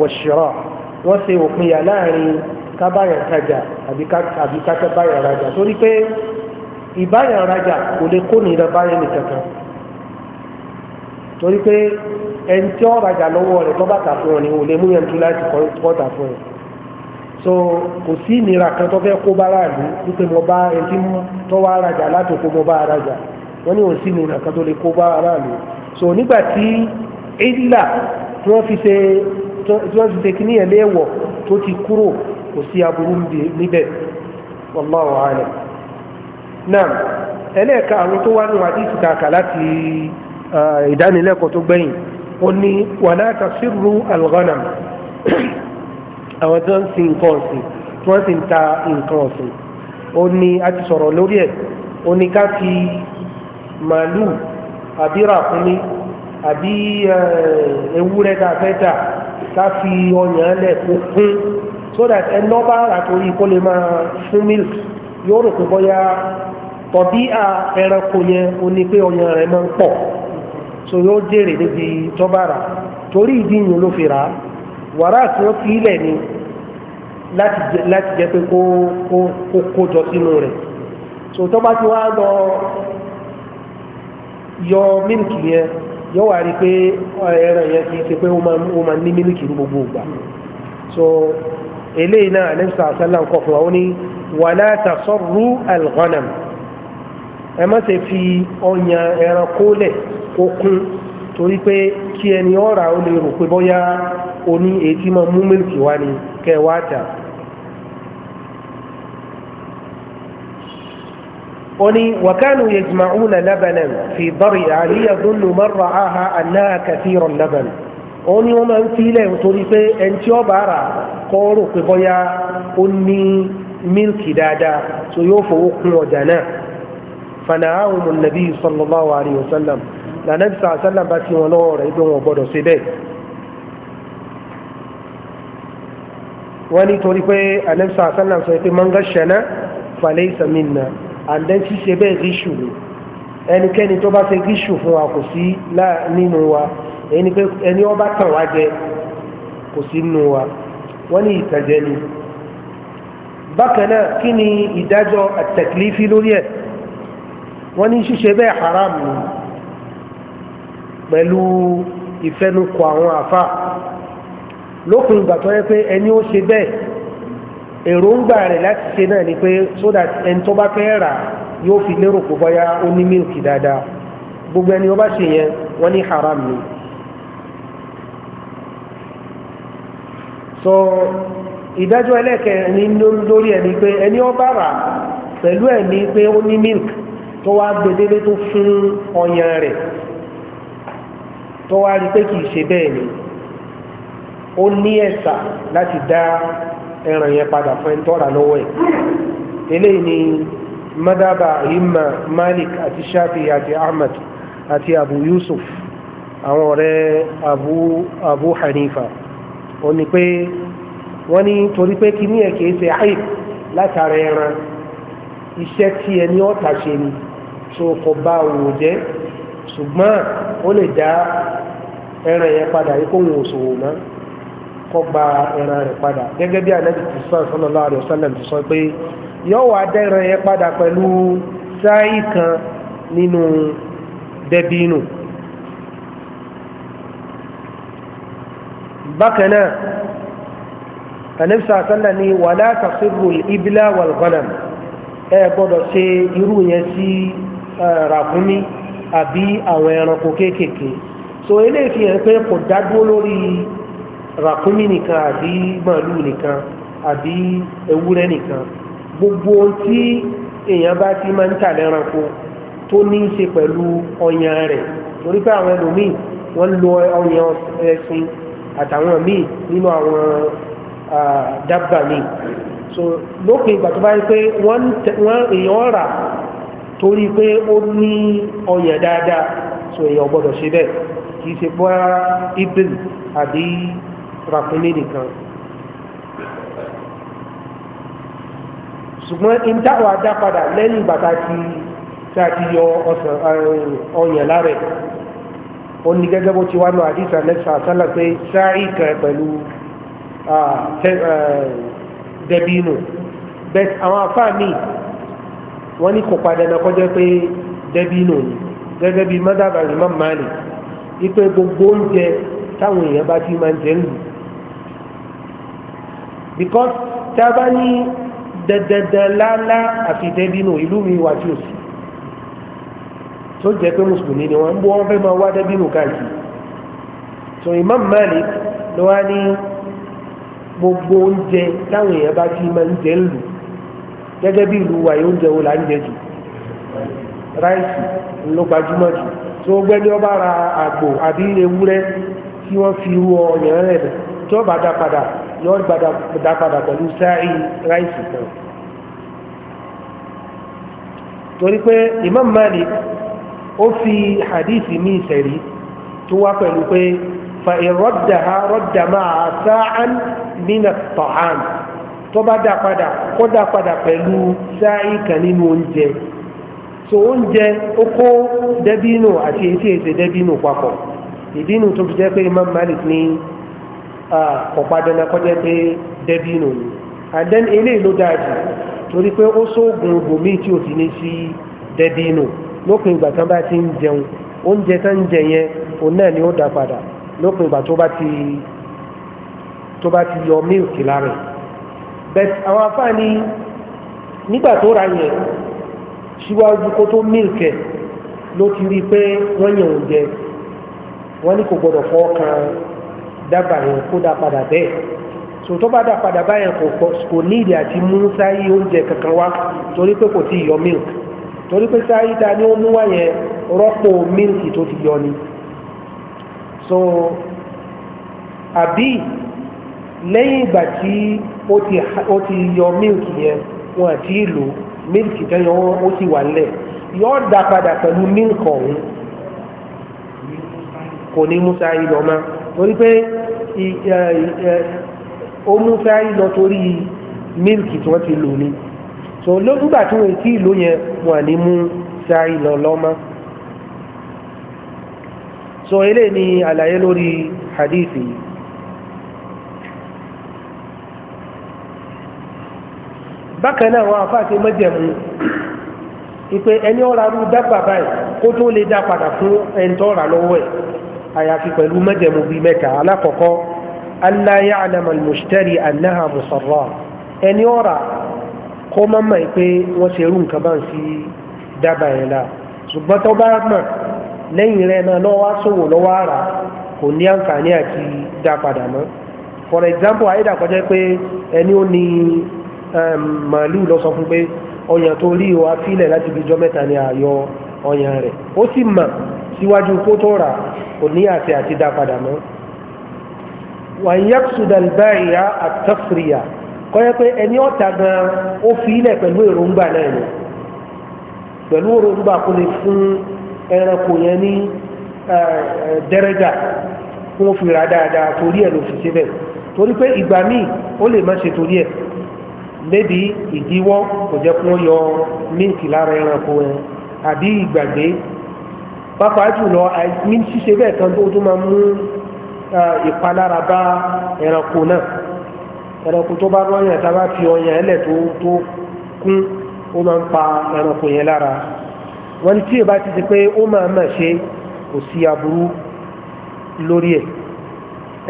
wa shira wọ́n ṣe òpin yà láàrin kábàyà tajà àbí kábàyà rajà torí pé ìbáyà rajà kò lè kó nira báyà nìkankan torí pé ẹni tí ó rajà lọ́wọ́ rẹ̀ tó bá tà fún ọ ni ò lè mú yẹn tó láti kọ́ tà fún ẹ so kò sí ìnira kan tó fẹ́ kó bára ìlú wípé mo bá ẹni tí tó wá rajà látòkó mo bá rajà wọ́n ní òsì ìnira kan tó lè kó bára ìlú so nígbà tí ìlà tí wọ́n fi ṣe kíní ẹ̀ léèwọ̀ tó ti kúrò kò sí aburú níbẹ̀ wallahu alam náà ẹlẹ́ẹ̀ka àwọn tó wá ní hadith kàkà láti ìdánilẹ́kọ̀ọ́ tó gbẹ̀yìn ó ní wala tasirru al-ghanam àwọn tó ń sin nǹkan ọ̀sìn tí wọ́n sì ń ta nǹkan ọ̀sìn ó ní a ti sọ̀rọ̀ lórí ẹ̀ ó ní ká fi màálù àbí ràkúnmí àbí ewúrẹ́ tá ká fi ọyàn lẹ̀ fún so that ẹnà bá rà torí kó lè máa fún milk yóò rò pé bóyá tọ̀bí à ẹranko yẹn o ní pé ọyàn rẹ̀ máa ń pọ̀ so yóò jèrè níbi tó bá rà torí ìdí yìí ló fi rà á wàrà tí wọ́n fi ilẹ̀ ni láti jẹ́ pé kó kó jọ sínú rẹ̀ so tó bá ti wá lọ yọ mílìkì yẹn yóò wá rí i pé ẹran yẹn kì í ṣe pé ó máa ní mílìkì ní gbogbo ìgbà so إلينا náà anamsa asalam kọ fún wa ó ní wàlá tasọrú alghanam ẹ má ṣe fi ọyàn ẹranko lẹ kó kún torí pé kí ẹni ọ̀rà ó lè rò pé bóyá o ní èyí tí máa mú mílìkì wá ni kẹ wá tà. oni wakanu yajma'una labanan fi dari ali yadunnu man ra'aha annaha kathiran laban òun ni wọ́n máa ń fi ilẹ̀ nítorí pé ẹni tí ọba rà kọ́ rò pé bọ́yá ó ní mílkì dáadáa tó yóò fowó kún ọjà náà fanaahu munabi sallallahu alayhi wa sallam lànàbí sàlám bá ti wọn lọ́wọ́ rẹ̀ ibi wọn gbọ́dọ̀ ṣe bẹ́ẹ̀. wọ́n ní torí pé ànàbí sàlám sọ pé mọ́ngá ṣẹ̀nà falẹ̀ ìsàmìnà àǹdẹ́ ṣíṣe bẹ́ẹ̀ ríṣù ẹnikẹ́ni tó bá ṣe ríṣù fún wa kò sí nínú wa ẹni pé ẹni ọba tàn wá jẹ kò sí nù wa wọ́n ní ìtànjẹ ni bákan náà kí ni ìdájọ́ àtẹ̀kìlífì lórí ẹ̀ wọ́n ní ṣíṣe bẹ́ẹ̀ haram ni pẹ̀lú ìfẹnukò àwọn àfa lópin ìgbà tó yẹ pé ẹni ó ṣe bẹ́ẹ̀ èròǹgbà rẹ̀ láti ṣe náà ni pé so that ẹni tó bá fẹ́ rà yóò fi lérò pé bóyá ó ní mílìkì dáadáa gbogbo ẹni ó ṣe yẹn wọ́n ní haram ni. so ìdájọ́ ẹlẹ́kẹ̀ẹ́ni lórí ẹni pé ẹni ọba rà pẹ̀lú ẹni pé ó ní milk tó wá gbedele tó fún ọyàn rẹ̀ tó wá rí pé kìí ṣe bẹ́ẹ̀ ni ó ní ẹ̀sà láti dá ẹran yẹn padà fún ẹni lọ́wọ́ ẹ̀ eléyìí ni madaba imma malik àti shafi àti ahmad àti abu yusuf àwọn ọ̀rẹ́ abu abu hanifa òun ni pé wọ́n ní torí pé kí ní ẹ̀ kìí ṣe àìp látara ẹran iṣẹ́ tí ẹni ọ̀tà ṣe ni tó kò bá òwò jẹ́ ṣùgbọ́n ó lè dá ẹran yẹn padà yìí kó wọn ò ṣòwò mọ́ kó gba ẹran rẹ̀ padà gẹ́gẹ́ bí anabi ti sọ sallallahu alaihi wasallam ti sọ pé yóò wá ẹran yẹn padà pẹ̀lú sáì kan nínú dẹ́bínù. No bákan náà anabisa asala ni wàlá tasiru ibila walghanam ẹ gbọ́dọ̀ ṣe irú yẹn sí ràkúnmí àbí àwọn ẹranko kéékèèké so eléyìí fi hàn pé kò dá dúró lórí ràkúnmí nìkan àbí màálù nìkan àbí ewúrẹ́ nìkan gbogbo tí èèyàn bá ti máa ń tà lẹ́ranko tó ní í ṣe pẹ̀lú ọyàn rẹ̀ torí pé àwọn ẹlòmíì wọ́n lo ọyàn ẹṣin àtàwọn míì nínú àwọn dábà míì so lókè ìgbà tó bá yẹ pé wọ́n èèyàn rà torí pé ó ní ọyàn dáadáa so èèyàn gbọ́dọ̀ ṣe bẹ́ẹ̀ kì í ṣe bọ́ ibn àbí ràpínlẹ nìkan ṣùgbọ́n ìdáwà dá padà lẹ́yìn ìgbà tá a ti yọ ọyàn lára ẹ̀ ó ní gẹ́gẹ́ bó ti wá lọ àdìsá lẹ́sà sálà pé sáì kan pẹ̀lú dẹbínú bẹ́ẹ̀ àwọn afá mi wọ́n ní kò padà náà kọjá pé dẹbínú ni gẹ́gẹ́ bí mọ́dàbà Imam Malik ipe gbogbo oúnjẹ táwọn èèyàn bá ti máa ń jẹ ń lù because tá a bá ní dandandan lálá àfi dẹbínú ìlú mi wà tí ò sí tó jẹ́ pé mùsùlùmí ni wọ́n ń bú wọn fẹ́ máa wá dẹ́bínú káàkiri tó Imam Malik ló wá ní gbogbo oúnjẹ táwọn èèyàn bá fi máa ń jẹ ń lù gẹ́gẹ́ bí ìlú wa oúnjẹ wo là ń jẹ jù ráìsì ló gbajúmọ̀ jù tó gbẹ́ni ọba ra àgbò àbí ewúrẹ́ tí wọ́n fi ru ọyàn rẹ̀ tí bá dá padà yọ dá padà pẹ̀lú sáì ráìsì kan torí pé Imam Malik ó fi hadithi mi sẹ̀rí tó wá pẹ̀lú pé fa ìrọ́dà ha rọ́dà máa sáán nínà tọ̀hán tó bá dá padà kó dá padà pẹ̀lú sáì kan nínú oúnjẹ so oúnjẹ ó kó dẹ́bínú àti etí èsè dẹ́bínú papọ̀ ìdínú tó fi jẹ́ pé Imam Malik ní ọ̀pá kọjá pé dẹ́bínú ni and then eléyìí ló dáa jù torí pé ó sóògùn bòmíì tí ò fi ní sí dẹ́bínú. lópin ìgbà tán bá ti ń jẹun oúnjẹ tán ń jẹ yẹn òun náà ni ó dá padà lópin ìgbà ti yọ milk lára ẹ̀ bẹ́ẹ̀ àwọn afáàní nígbà ra yẹn síwájú kó tó mílìkì ló ti rí i pé wọ́n yàn oúnjẹ wọ́n ní kò gbọ́dọ̀ fọ́ kan dábàá yẹn kó padà bẹ́ẹ̀ so tó bá padà báyẹn kò ní ìdí àti mú sáyé oúnjẹ kankan wá torí pé sáyídà ni ó múwá yẹn rọ́pò mílìkì tó ti yọ ni so àbí lẹ́yìn ìgbà tí ó ti yọ mílìkì yẹn wọn àti ìlò mílìkì tẹ́yọ ó ti wà lẹ̀ yóò dá padà pẹ̀lú mílìkì ọ̀hún kò ní musa yìí lọ mọ́ torí pé ó musa yìí torí mílìkì tí wọ́n ti lò ni so lọ́gbà tí wọ́n ti ìlú yẹn wà ní mú sáré lọ lọ́mọ́ so eléyìí ni àlàyé lórí hadith yìí. bákan náà wọn afáàṣe mọ́jẹ̀mú ìpè ẹni ọ̀rọ̀ arú dábà báyìí kó tó lè dá padà fún ẹni tó rà lọ́wọ́ ẹ̀ àyàfi pẹ̀lú mọ́jẹ̀mú bíi mẹ́ta alákọ̀ọ́kọ́ alla ya'lam al-mushtari ẹni ọ̀rọ̀ kó má mọ̀ pé wọ́n ṣe irú nǹkan bá ń sí dábàá yẹn la ṣùgbọ́n tó bá mọ̀ lẹ́yìn rẹ̀ náà lọ́wọ́ sòwò lọ́wọ́ àrà kò ní àǹfààní àti dá padà mọ́ for example ayédàkọjẹ pé ẹni ó ní màálù lọ sọ fún pé ọyàn tó rí o afílẹ̀ láti fi jọ mẹ́ta ni àyọ ọyàn rẹ̀ ó sì mọ̀ síwájú kó tó rà kò ní àṣẹ àti dá padà mọ́ wàyẹ̀kùsùdàlbáyà àtọ́fìrìyà kọ́yẹ́ pé ẹni ọ̀tá gan ó fi ilẹ̀ pẹ̀lú èròǹgbà náà ni pẹ̀lú èròǹgbà kò lè fún ẹranko yẹn ní dẹ́rẹ́jà kó fi ra dáadáa torí ẹ̀ ló fi síbẹ̀ torí pé ìgbà míì ó lè má ṣe torí ẹ̀ lébi ìdíwọ́ kò jẹ́ kó yọ míǹtì lára ẹranko yẹn àbí ìgbàgbé pàápàá jùlọ ní ṣíṣe bẹ́ẹ̀ kan tó tún máa mú ìpalára bá ẹranko náà ẹranko tó bá lọ́yàn tá a bá fi ọyàn ẹlẹ̀ tó tó kún ó máa ń pa ẹranko yẹn lára wọ́n ní tí ìbá ti di pé ó máa mà ṣe kò sí aburú lórí ẹ̀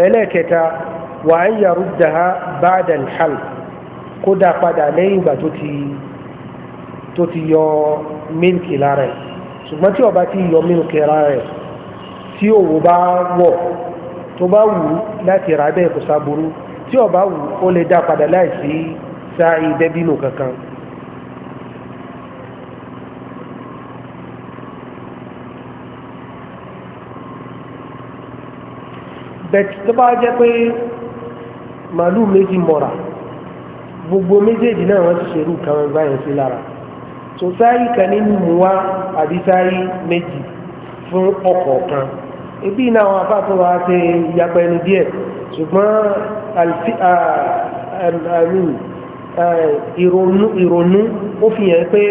ẹlẹ́ẹ̀kẹta wà á yàrú dàá báàdà nìhàl kó dá padà lẹ́yìn ìgbà tó ti tó ti yọ mílìkì lára ẹ̀ ṣùgbọ́n tí ó ti yọ mílìkì lára ẹ̀ tí òwò bá wọ̀ tó bá wù láti rà bẹ́ẹ̀ kò sáburú tí ó bá wù ó lè dá padà láìsí sáì dẹ́bínù kankan. bẹ̀tì tó bá jẹ́ pé màálù méjì mọ̀ra gbogbo méjèèjì náà wọ́n ti ṣerú kan báyìí sí lára tó sáì kan nínú mu wá àbí sáì méjì fún ọkọ̀ kan ebi náà wọn afáàtò wa ṣe ìyapẹnu díẹ̀ ṣùgbọ́n ìrònú ó fi hàn pé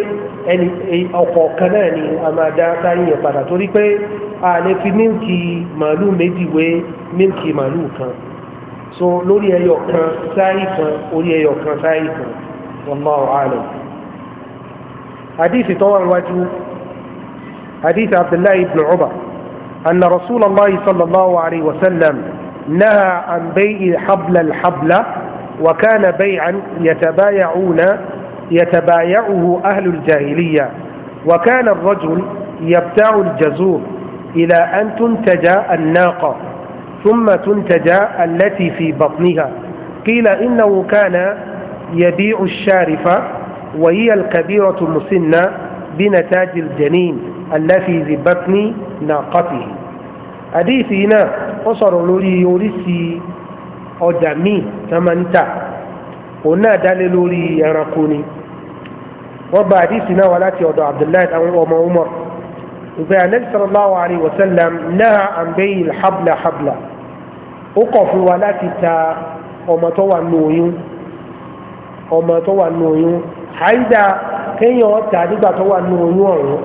ọkọ̀ kan náà ni a máa dá sáré yẹn padà torí pé a lè fi mílkì màálù méjì wé mílkì màálù kan so lórí ẹyọ kan sáré kan orí ẹyọ kan sáré kan wallahu a'lam hadith tó wà wájú hadith abdullahi ibn umar anna rasulallah sallallahu alayhi wa نهى عن بيع حبل الحبل وكان بيعا يتبايعون يتبايعه أهل الجاهلية وكان الرجل يبتاع الجزور إلى أن تنتج الناقة ثم تنتج التي في بطنها قيل إنه كان يبيع الشارفة وهي الكبيرة المسنة بنتاج الجنين الذي في بطن ناقته àdíìsì yìí náà ó sọ̀rọ̀ lórí oríṣi ọjà míì tá a máa ń tà òun náà dálé lórí ẹranko ni wọ́n gba àdíìsì náà wá láti ọ̀dọ̀ abdullahi àwọn ọmọ umar ìgbà anabi sallallahu alayhi wa sallam náà à ń bẹ́yìn habla habla ó kọ̀ fún wa láti ta ọmọ tó wà nù oyún ọmọ tó wà nù oyún àìdá kéèyàn ọ̀tà nígbà tó wà nù oyún ọ̀run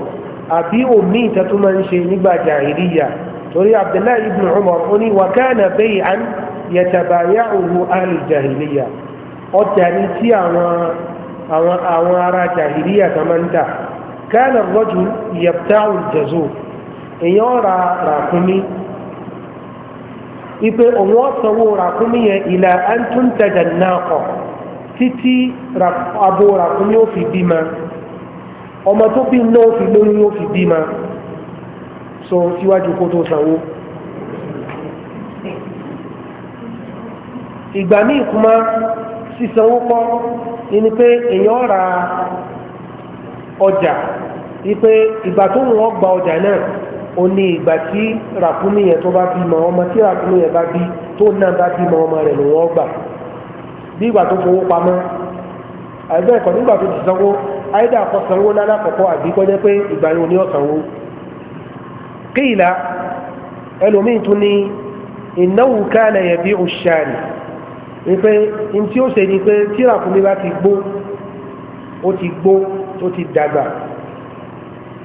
àbí omi ìtẹ́tù ń ṣe nígbà jàhílíyà torí abdullahi ibn umar ó ní wakana bay'an yatabaya'uhu ahlul jahiliya ọjà ní tí àwọn àwọn àwọn ará jahiliya kan máa ń tà kana ar-rajul yabta'u al-jazur èèyàn ra ràkúnmí ipe òun ọ̀sánwó ràkúnmí yẹn ìlà àtúntẹ̀dẹ̀ náà kọ̀ títí abo ràkúnmí ó fi bímọ ọmọ tó bí náà ó fi lóyún ó fi bímọ so síwájú kó tó sanwó. ìgbà míì kuma sísanwó kọ́ ni pé èèyàn ra ọjà wípé ìgbà tó wọ́n gba ọjà náà ó ní ìgbà tí ràkúnmí yẹn tó bá bímọ ọmọ tí ràkúnmí yẹn bá bí tó náà bá bímọ ọmọ rẹ̀ ló wọ́n gbà bí ìgbà tó fowó pamọ́ àìbẹ́ẹ̀kọ́ nígbà tó ti sanwó àìdá kọ sanwó lálàkọ̀kọ́ àbí kọ́ jẹ́ pé ìgbà yẹn ò ní ọ̀sanwó qila ẹlòmíì tún ní innahu kana yabi'u ash-shari wípé ntí ó ṣe ni pé tí ràkúnmí bá ti gbó ó ti gbó ó ti dàgbà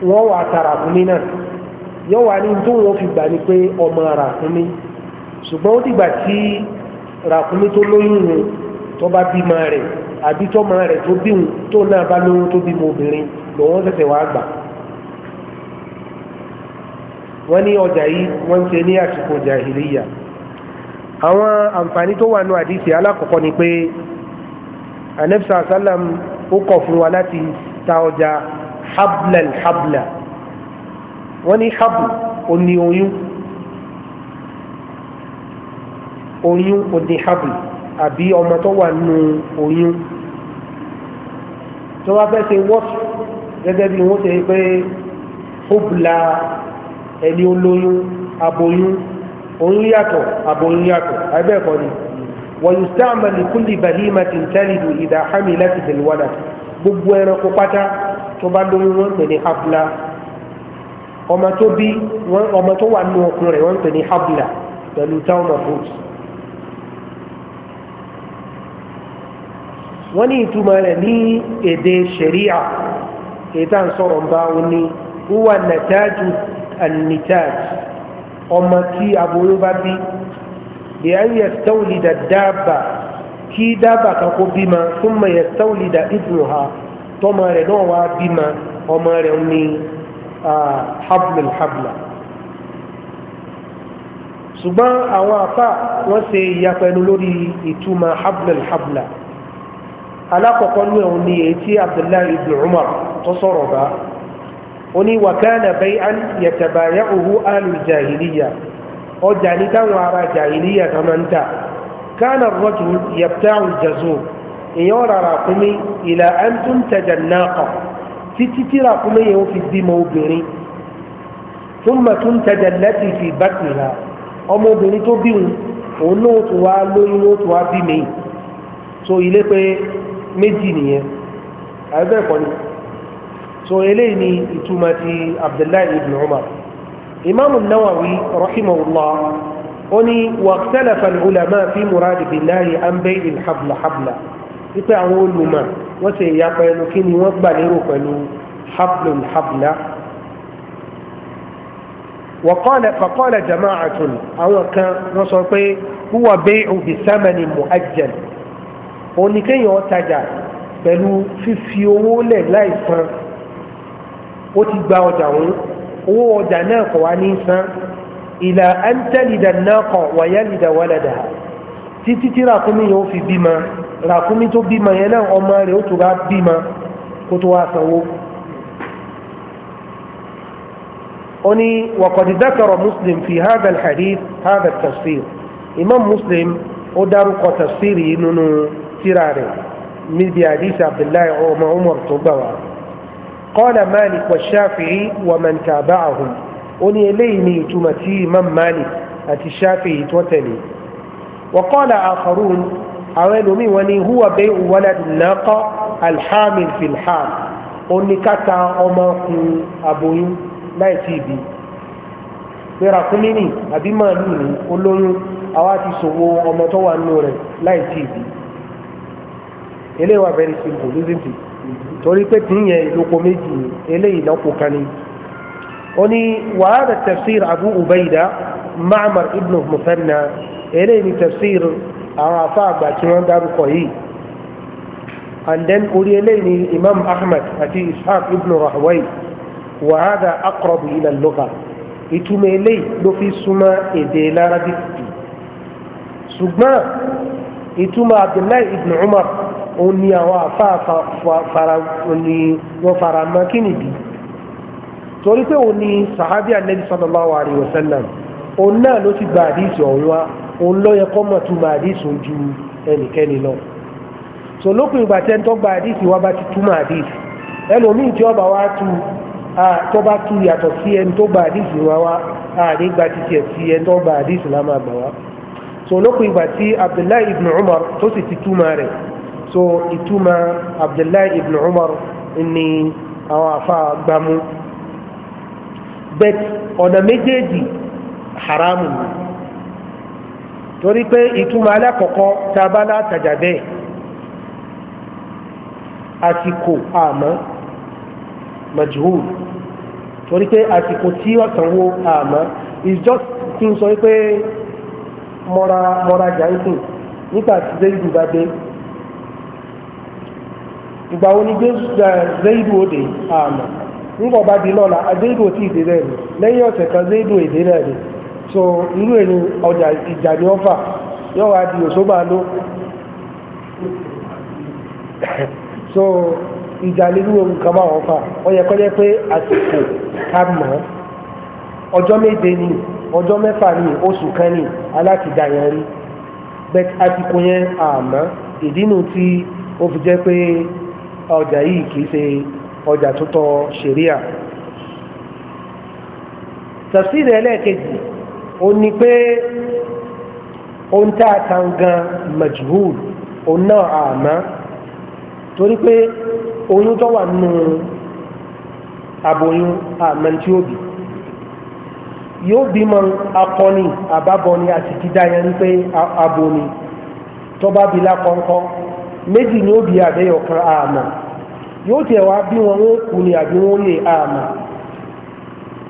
wọ́n wà ta ràkúnmí náà yóò wá ní tó wọ́n fi gbà ní pé ọmọ ràkúnmí ṣùgbọ́n ó dìgbà tí ràkúnmí tó lóyún rẹ̀ tó bá bímọ rẹ̀ àbí tọ́mọ rẹ̀ tó bíhùn tó náà bá lóyún tó bímọ obìnrin lòun ṣẹ̀ṣẹ̀ wá gbà wọ́n ní ọjà yìí wọ́n ń ṣe ní àsìkò jàhìlíyà àwọn àǹfààní tó wà nù àdìsí alákọ̀ọ́kọ́ ni pé anabisa salam ó kọ̀ fún wa láti ta ọjà hablal habla wọ́n ní habl ó oyún oyún ó ní àbí ọmọ tó wà nù oyún tó wá fẹ́ ṣe wọ́ọ̀sù gẹ́gẹ́ bí wọ́n ṣe pé hubla ẹni olóyún aboyún oyún yàtọ̀ aboyún yàtọ̀ àìbẹ́ẹ̀kọ́ ni wọ́n yóò sá àmà ní kúlì bahima tí ń tẹ́lẹ̀ lu ìdá hami láti bẹ̀rẹ̀ wọ́n náà gbogbo ẹranko pátá tó bá lóyún wọ́n ń pè ní habla ọmọ tó bí ọmọ tó wà nínú ọkùnrin rẹ̀ wọ́n pè ní habla pẹ̀lú táwọn fúdù. wọ́n ní ìtumọ̀ rẹ̀ ní èdè ṣẹ̀ríà ètà ń sọ̀rọ̀ ń bá wọn ní wúwà nàtájú النتاج ọmọ tí aboyún bá bí bí a yẹ stawulida dábà kí dábà kan kó bímọ fún mọ yẹ stawulida ibnuha tọmọ rẹ̀ náà wá bímọ ọmọ rẹ̀ ní hablul habla ṣùgbọ́n àwọn àfà wọ́n ṣe ìyapẹnu lórí ìtumọ̀ hablul habla alákọ̀ọ́kọ́ ní òun ni èyí tí abdullahi ibn umar tó sọ̀rọ̀ bá oní wàkánà bay'an yatabaya'uhu alu jahiliya ọjà ní táwọn ará jahiliya kan máa ń tà kánà rọ́jù yabta'u jazur èèyàn rárá fún mi ìlà an tuntaja naqa títí tíra fún mi yẹn ó fi bímọ obìnrin thumma tuntaja allati fi batniha ọmọbìnrin tó bí wọn òun náà tún wá lóyún ó tún wá bí mi so ilé pé méjì nìyẹn àbẹ́bẹ́ kọ́ so eléyìí ni ìtumọ̀ ti abdullahi ibn umar imaamu nawawi rahimahullah ó ní wàktalafa ulama fi muradi billahi an bay'il habla habla ipe àwọn olùmọ̀ wọ́n ti yapa ẹnu kí ni wọ́n gbà lérò pẹ̀lú hablul habla وقال فقال جماعة أو كان نصري هو بيع بثمن مؤجل oníkéèyàn ọtajà pẹ̀lú fífi owó lẹ̀ láìsan ó ti gba ọjà òun owó ọjà náà kò wá ní san ìlà ẹ̀ńtẹ́lìdà náà kọ̀ wàyálìdà wàlẹ̀dà títí tí ràkúnmí yóò fi bímọ ràkúnmí tó bímọ yẹn náà ọmọ rẹ̀ ó tó bá bímọ kó tó wá sanwó. ó ní وقد ذكر مسلم في هذا الحديث هذا التفسير imam muslim ó dárúkọ tafsiri nínú tírà rẹ̀ níbi àdìsí abdullahi ọmọ umar tó gbà wá qala malik wa shafi'i wa man tabi'ahum ó ní eléyìí ni ìtumọ̀ tí imam malik àti shafi'i tó tẹ̀lé wa qala akharun àwọn ẹlòmíì wọn ni huwa bay'u walad naqa alhamil filham ó ní káta ọmọkùnrin aboyún láì tí ì bí gbéra fún mímì àbí màálù ní olóyún àwa ti ṣòwò ọmọ tó wà nínú rẹ̀ láì tí ì bí eléyìí wà very simple listen to torí pé tí ń yẹ ìlóko méjì eléyìí lọ́pò kan ni ó ní wàhálà tafsir abu ubaida ma'mar ibn musanna eléyìí ni tafsir àwọn afa àgbà tí wọ́n dárúkọ yìí and then orí eléyìí ni imam ahmad àti ishaq ibn rahway wàhálà aqrabu ila al ìtumọ̀ eléyìí ló fi súnmọ́ èdè lárabí ṣùgbọ́n ìtumọ̀ abdullahi ibn umar òun ni àwọn àfa fara ni wọn fara mọ́ kí nìdí torí pé òun ni sahabi anabi sallallahu alayhi wa sallam òun náà ló ti gba àdìsí ọ̀hún wa òun ló yẹ kọ́ mọ̀ túmọ̀ àdìsí ju ẹnikẹ́ni lọ so lópin ìgbà tẹ́ ń tọ́ gba àdìsí wa bá ti túmọ̀ àdìsí ẹlòmíì tí ọba wa tu tó bá tu yàtọ̀ sí ẹni tó gba àdìsí wa wa àdìgbà ti tiẹ̀ sí ẹni tó gba àdìsí la máa so lópin ìgbà tí abdullahi ibn umar tó sì ti túmọ̀ rẹ̀ so ituma abdullahi ibn umar ni àwọn afa gbamu bet ọ̀nà méjèèjì haramu ni torí pé ìtumọ̀ alákọ̀ọ́kọ́ tá a bá látajà bẹ́ẹ̀ àsìkò àmọ́ majhul torí pé àsìkò tí ọ̀sánwó àmọ́ is just kí n sọ pé mọ́ra mọ́ra jà ń sìn nígbà tí zéyìn bá dé ìgbà wo ni zaidu ó dé àmọ́ ńgbọ̀ bá di lọ́la zaidu ò tí ì ni lẹ́yìn ọ̀sẹ̀ kan zaidu èdè rẹ̀ ni so irú ẹni ọjà ìjà ni ọfà yóò wá di òṣòbà ló so ìjà nínú ohun kan máa wọ́n fà ọ yẹ pé àsìkò ká mọ̀ ọjọ́ méje ni ọjọ́ mẹ́fà ni oṣù kan ni alátìdá yẹn rí bẹ́ẹ̀ àsìkò yẹn àmọ́ ìdí nu tí ó fi jẹ́ pé ọjà yìí kìí ṣe ọjà tó tọ́ ṣẹ̀ríà tafsiri ẹlẹ́ẹ̀kejì ó ní pé ohun tá a tan gan majhul òun náà àmọ́ torí pé oyún tó wà nù aboyún àmọ́ tí ó bì yóò bímọ akọni àbábọni àti dídáyẹn ní pé aboni tó bá bí lákọ̀ọ́kọ́. méjì ni ó bí àbẹ́yọ̀kan àmà yóò tẹ̀ wá bí wọn wọn kú ni àbí wọn lè àmà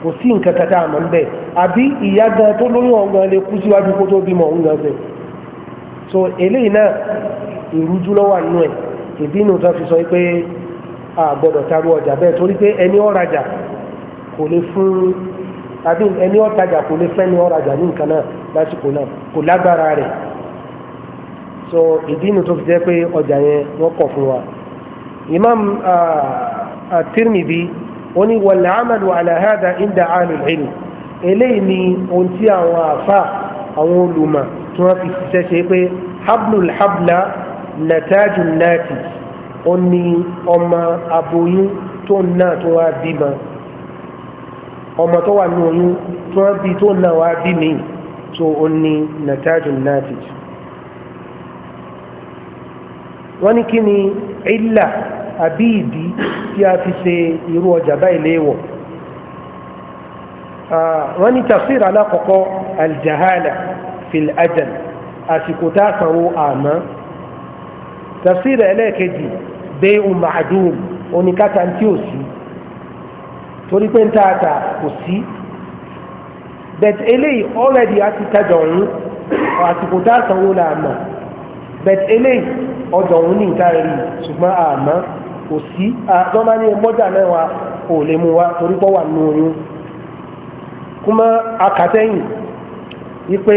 kò sí nǹkan kata àmà ń bẹ̀ àbí ìyá gan tó lóyún ọ̀gán lè so eléyìí náà ìrújú lọ́wọ́ àánú ẹ̀ ìbínú tó fi sọ pé a gbọ́dọ̀ taru ọjà bẹ́ẹ̀ torí pé ẹni ọ̀rajà kò lè fún àbí ẹni ọ̀tajà kò lè fẹ́ ni ọ̀rajà so ìdí inú tó fi jẹ́ pé ọjà yẹn wọ́n kọ̀ fún wa imam ah, ah, tirmidhi ó ní wal amalu ala hada inda ahlul ilm eléyìí ni ohun tí àwọn àfa àwọn olùmọ̀ tí wọ́n fi ṣiṣẹ́ ṣe pé hablul habla natajun nati ó ní ọmọ aboyún tó náà tó wá bímọ ọmọ tó wà ní oyún tó wá bí tó náà wá bí mi tó ó ní natajun nati wọ́n ní kí ni ìlà àbí ìdí tí a fi ṣe irú ọjà báyìí léèwọ̀ wọ́n ní tafsir alákọ̀ọ́kọ́ aljahala fil ajal àsìkò tá a sanwó àmọ́ tafsir ẹlẹ́ẹ̀kejì bẹ́ẹ̀ ma'dum oníkàtà tí ò sí torí pé ń tá a kò sí bẹ́ẹ̀ eléyìí already a ti ọ̀hún àsìkò tá a sanwó làmọ́. bẹ̀t eléyìí ọjọ́ òun ní nǹkan rí ṣùgbọ́n àmọ́ kò sí àtọ́nà ní mọ́jà mẹ́wàá ò lè mú wa torí pọ́ wà nù oyún kúmọ́ akàtẹ́yìn wípé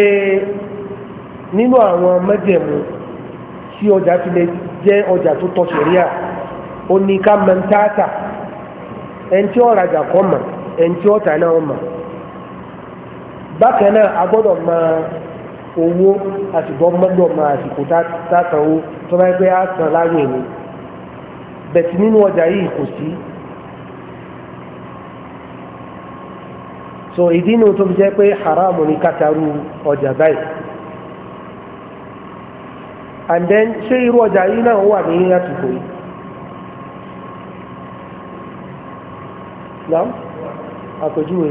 nínú àwọn mẹ́jẹ̀mú tí ọjà ti lè jẹ́ ọjà tó tọ́ sẹ̀ríà ó ní ká ẹni tí ó kọ́ mọ̀ ẹni tí ó náà a owó àtìgbọ́ mọ́dọ̀ máa àsìkò tátanwó tó bá gbé àtàn láwìn ni bẹ̀tì nínú ọjà yìí kò sí. so ìdí inú tó fi jẹ́ pé haram ni kàtàrú ọjà báyìí and then ṣé irú ọjà yìí náà wà ní àtìkò yìí. Nam? Àpèjúwe.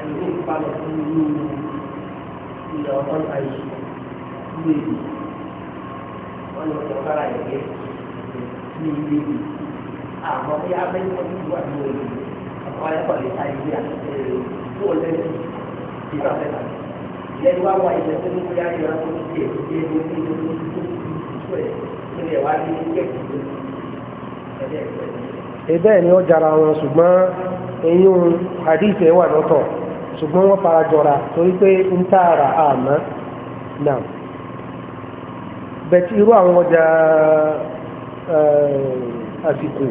Ẹ̀mí ilẹ̀ ọ̀tọ́ ta yìí ní èdè wọ́n lọ sọ kára ẹ̀gẹ́ ní ilé èdè àmọ́ bí abẹ́yẹ̀wò ti wà ní òde ọ̀pọ̀ ayẹ́kọ̀lẹ́ ta ilé àti tó lẹ́sìn ìgbà mẹ́ta lẹ́nu wá wá ilẹ̀ tó ní bóyá ìlànà tó ti dé ìdílé tó ní ìlú tó ti tó ẹ̀ tó lè wá ní kẹ́kì ìbẹ́ẹ̀ ni ó jara wọn ṣùgbọ́n eyín hadith ẹ̀ wà lọ́tọ̀. ṣùgbọ́n wọ́n fara jọra torí pé ń tààrà àmọ́ náà bẹ̀tí irú àwọn ọjà eh, àsìkò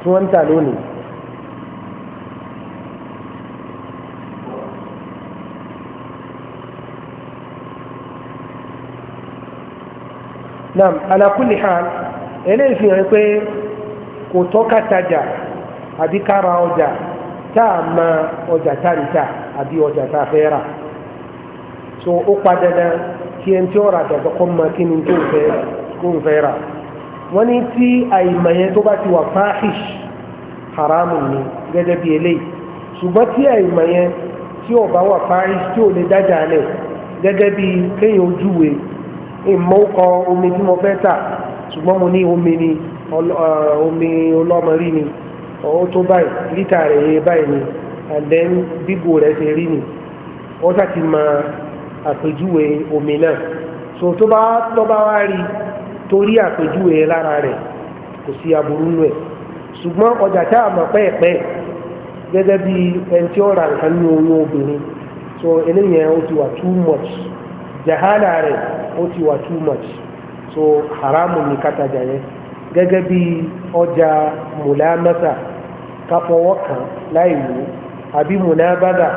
tí wọ́n ń tà lónìí naam ala kulli eléyìí fi hàn pé kò tọ́ tá a ma ọjà tá àbí ọjà tá so ó pa dandan kí ẹni tí ó ra àjàgbọ́ kọ́ ma kí ni tó ń fẹ́ rà wọ́n ní tí àìmọ̀ yẹn tó bá ti wà fáhìṣ haramu ni gẹ́gẹ́ bí eléyìí ṣùgbọ́n tí àìmọ̀ yẹn tí ò bá wà fáhìṣ tí ò lè dájà lẹ̀ gẹ́gẹ́ bí kéèyàn ojúwe ìmọ̀ ọkọ̀ omi tí mo fẹ́ tà ṣùgbọ́n mo ní omi ni omi ọlọ́mọrí ni. ọ̀hún tó báyìí lítà rẹ̀ yé báyìí ni and then bíbò rẹ̀ ṣe rí ni wọ́n sá ti àpèjúwe omi náà so tó bá tó wá rí torí àpèjúwe lára rẹ̀ kò sí aburú nù ẹ̀ ṣùgbọ́n ọjà tá a mọ̀ pẹ́ẹ́pẹ́ gẹ́gẹ́ bí ẹni tí ó ra nǹkan oyún obìnrin so eléyẹn ó ti wà too much jahala rẹ̀ ó ti wà too much so haramu ni kátàjà yẹn gẹ́gẹ́ bí ọjà mùlámẹ́sà. ká fọwọ́ kàn láì wò àbí mùnábàdà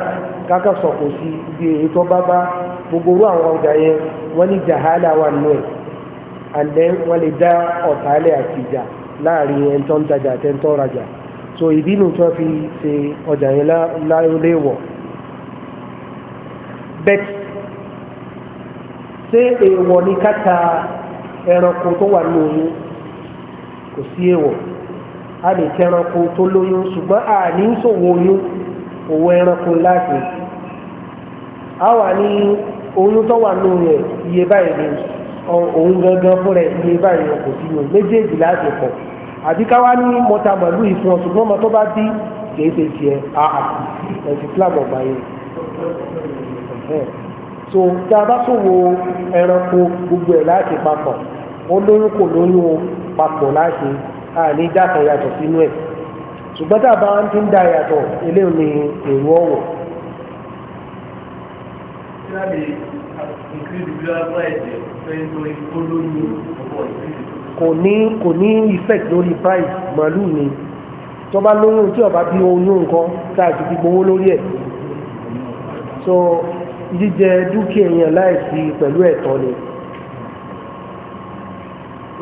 káká sọ̀kò sí ibi èyí tó bá bá gbogbo orú àwọn ọjà yẹn wọ́n ní jàhálà wà nù ẹ̀ àlẹ́ wọ́n lè dá ọ̀tálẹ̀ àti ìjà láàrin ẹni tó ń tajà àti ẹni tó ń rajà so ìdí nù tí wọ́n fi ṣe ọjà yẹn láléwọ̀ bẹ́t ṣé èèwọ̀ ni ká ẹranko tó wà nù oyún kò sí èèwọ̀ a lè tẹ ẹranko tó lóyún ṣùgbọ́n a ní ṣòwò oyún òwò ẹranko láti a wà ní oyún tó wà nù rẹ̀ iye báyìí ni òun gangan fún iye báyìí ni kò sí yòó méjèèjì láti pọ̀ àbí ká wá ní mọ́ta màlúù ìfún ọ ṣùgbọ́n ọmọ tó bá bí kìí ṣe tiẹ̀ àhà ẹ̀sìn Islam ọ̀gbà yẹn so tí a bá ṣòwò ẹranko gbogbo ẹ̀ láti papọ̀ ó lóyún kò lóyún papọ̀ láti a àní dákan yàtọ̀ sínú ẹ̀ ṣùgbọ́n tá a bá ń ti ń da yàtọ̀ eléyìí ni èrò ọ̀wọ̀. kò ní kò ní effect lórí price màálù ni tó bá lóyún tí ọba bí oyún nǹkan tá a ti fi gbowó lórí ẹ̀ so jíjẹ dúkìá èèyàn láìsí pẹ̀lú ẹ̀tọ́ ni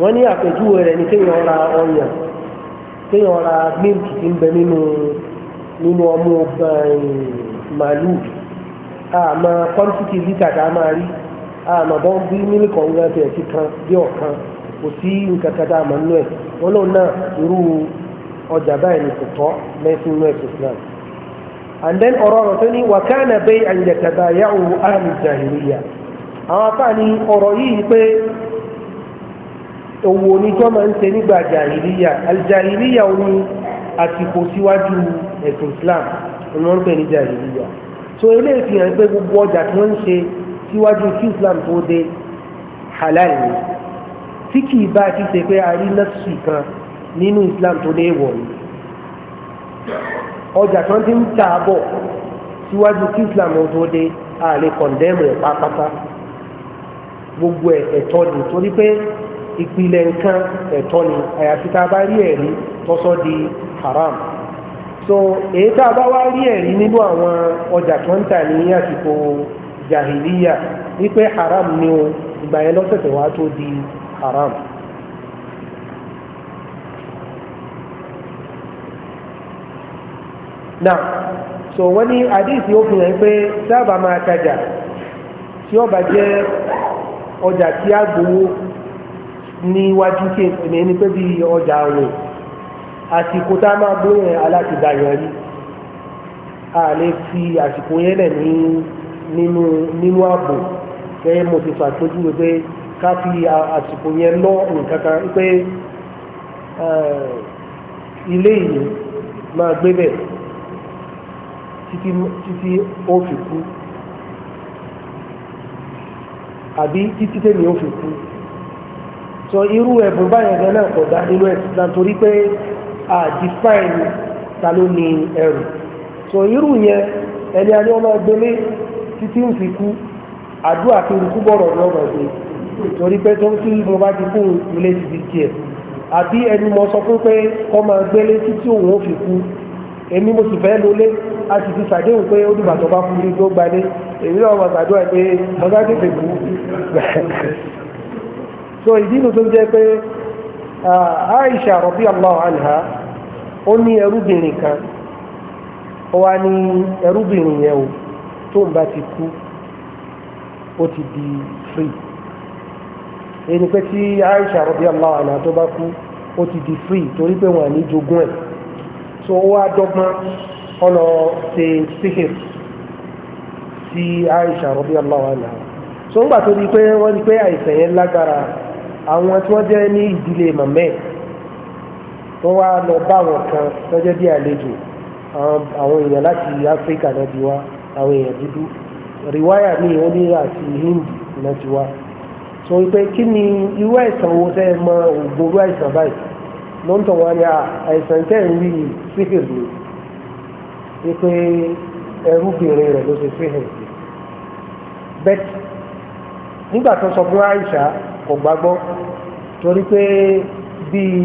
wọ́n ní àpèjúwe rẹ̀ ní kéèyàn ra ọyàn kéèyàn ra mílìkì tí ń bẹ nínú nínú ọmú eh, màálù àmọ́ kọ́ńtìtì lítà tá a máa rí àmọ́ bọ́n bí mílìkì ọ̀hún gan tiẹ̀ ti kan bí ọ̀kan kò sí nǹkan kan tá a mọ̀ nínú ẹ̀ wọ́n lóun náà irú ọjà báyìí ni kò mẹ́sìn nínú ẹ̀sìn Islam and then ọ̀rọ̀ ọ̀rọ̀ tó ní wàkánà bẹ́ẹ̀ àyẹ̀tàbáyà òun òwò ni tó máa ń ṣe nígbà jàhìlíyà aljàhìlíyà ò ní àsìkò síwájú ẹ̀sùn Islam ni wọ́n ń pè ní jàhìlíyà so eléyìí fi hàn pé gbogbo ọjà tí wọ́n ń ṣe síwájú kí Islam tó dé halal ni tí kì í bá ti ṣe pé a rí nọ́ọ̀sì kan nínú Islam tó dé wọ̀ ni ọjà tí ti ń tà bọ̀ síwájú kí Islam tó dé a lè kọ̀ndẹ́mù rẹ̀ pátápátá gbogbo ẹ̀ ẹ̀tọ́ ni torí pé ìpìlẹ̀ nǹkan ẹ̀tọ́ ni àyàfi tá a bá rí ẹ̀rí di haram so èyí tá a bá wá rí ẹ̀rí nínú àwọn ọjà tó ń tà ní àsìkò jahiliya wípé haram ni o ìgbà yẹn lọ́sẹ̀sẹ̀ wá di haram. now so wọ́n ní àdìsí ó fi hàn pé sábà máa tajà tí jẹ́ ọjà tí a níwájú kí ẹni pé bí ọjà rẹ̀ àsìkò tá a máa gbé yẹn aláṣẹdá yẹn rí a lè fi àsìkò yẹn lẹ̀ ní nínú nínú ààbò pé mo ti ṣàpèjúwe pé ká fi àsìkò yẹn lọ nǹkan kan pé ilé ìlú máa gbé bẹ̀ títí ó fi kú àbí títí tèmi ó fi kú sọ irú ẹ̀bùn báyẹn gan náà kò dá nínú ẹ̀sìn náà torí pé a define ta ló ní ẹrù sọ irú yẹn ẹni a ní ọmọ ẹgbẹ́lé títí ń fi kú àdúrà kí n kú bọ̀rọ̀ ní ọmọ ẹgbẹ́ torí pé tó ń kí mo bá ti kú ilé ti di tiẹ̀ àbí ẹni mo sọ fún pé kọ́ máa títí òun ó fi kú èmi mo sì fẹ́ lólé a sì ti ṣàdéhùn pé ó dìgbà tó bá kú ní tó gbalé èmi náà wà ṣàdúrà pé ọgá tètè so idinu inú tó ń Aisha radiyallahu anha ó kan o bá ti kú ti di free ẹni pé tí Aisha tó di free torí pé wọn à ní jogún so ó wá dọ́gbọ́n ọlọ ṣe sihir sí Aisha radiyallahu anha so ń gbà tó di pé di pé àìsàn yẹn àwọn tí wọ́n jẹ́ ní ìdílé mọ̀mẹ́ wọ́n wá lọ bá àwọn kan tó jẹ́ bí àlejò àwọn èèyàn láti áfíríkà náà ti wá àwọn èèyàn dúdú rìwáyà ní òní àti hindi náà ti wá sọ pé kí ni irú àìsàn wo tẹ́ ẹ mọ òògùn irú àìsàn báyìí ló ń tàn wá ní àìsàn tẹ́ ẹ̀ ń rí síhìrì ni wípé ẹrúbìnrin rẹ̀ ló ṣe síhìrì bẹ́ẹ̀ nígbà tó sọ fún àìsàn kò gbàgbọ́ torí pé bíi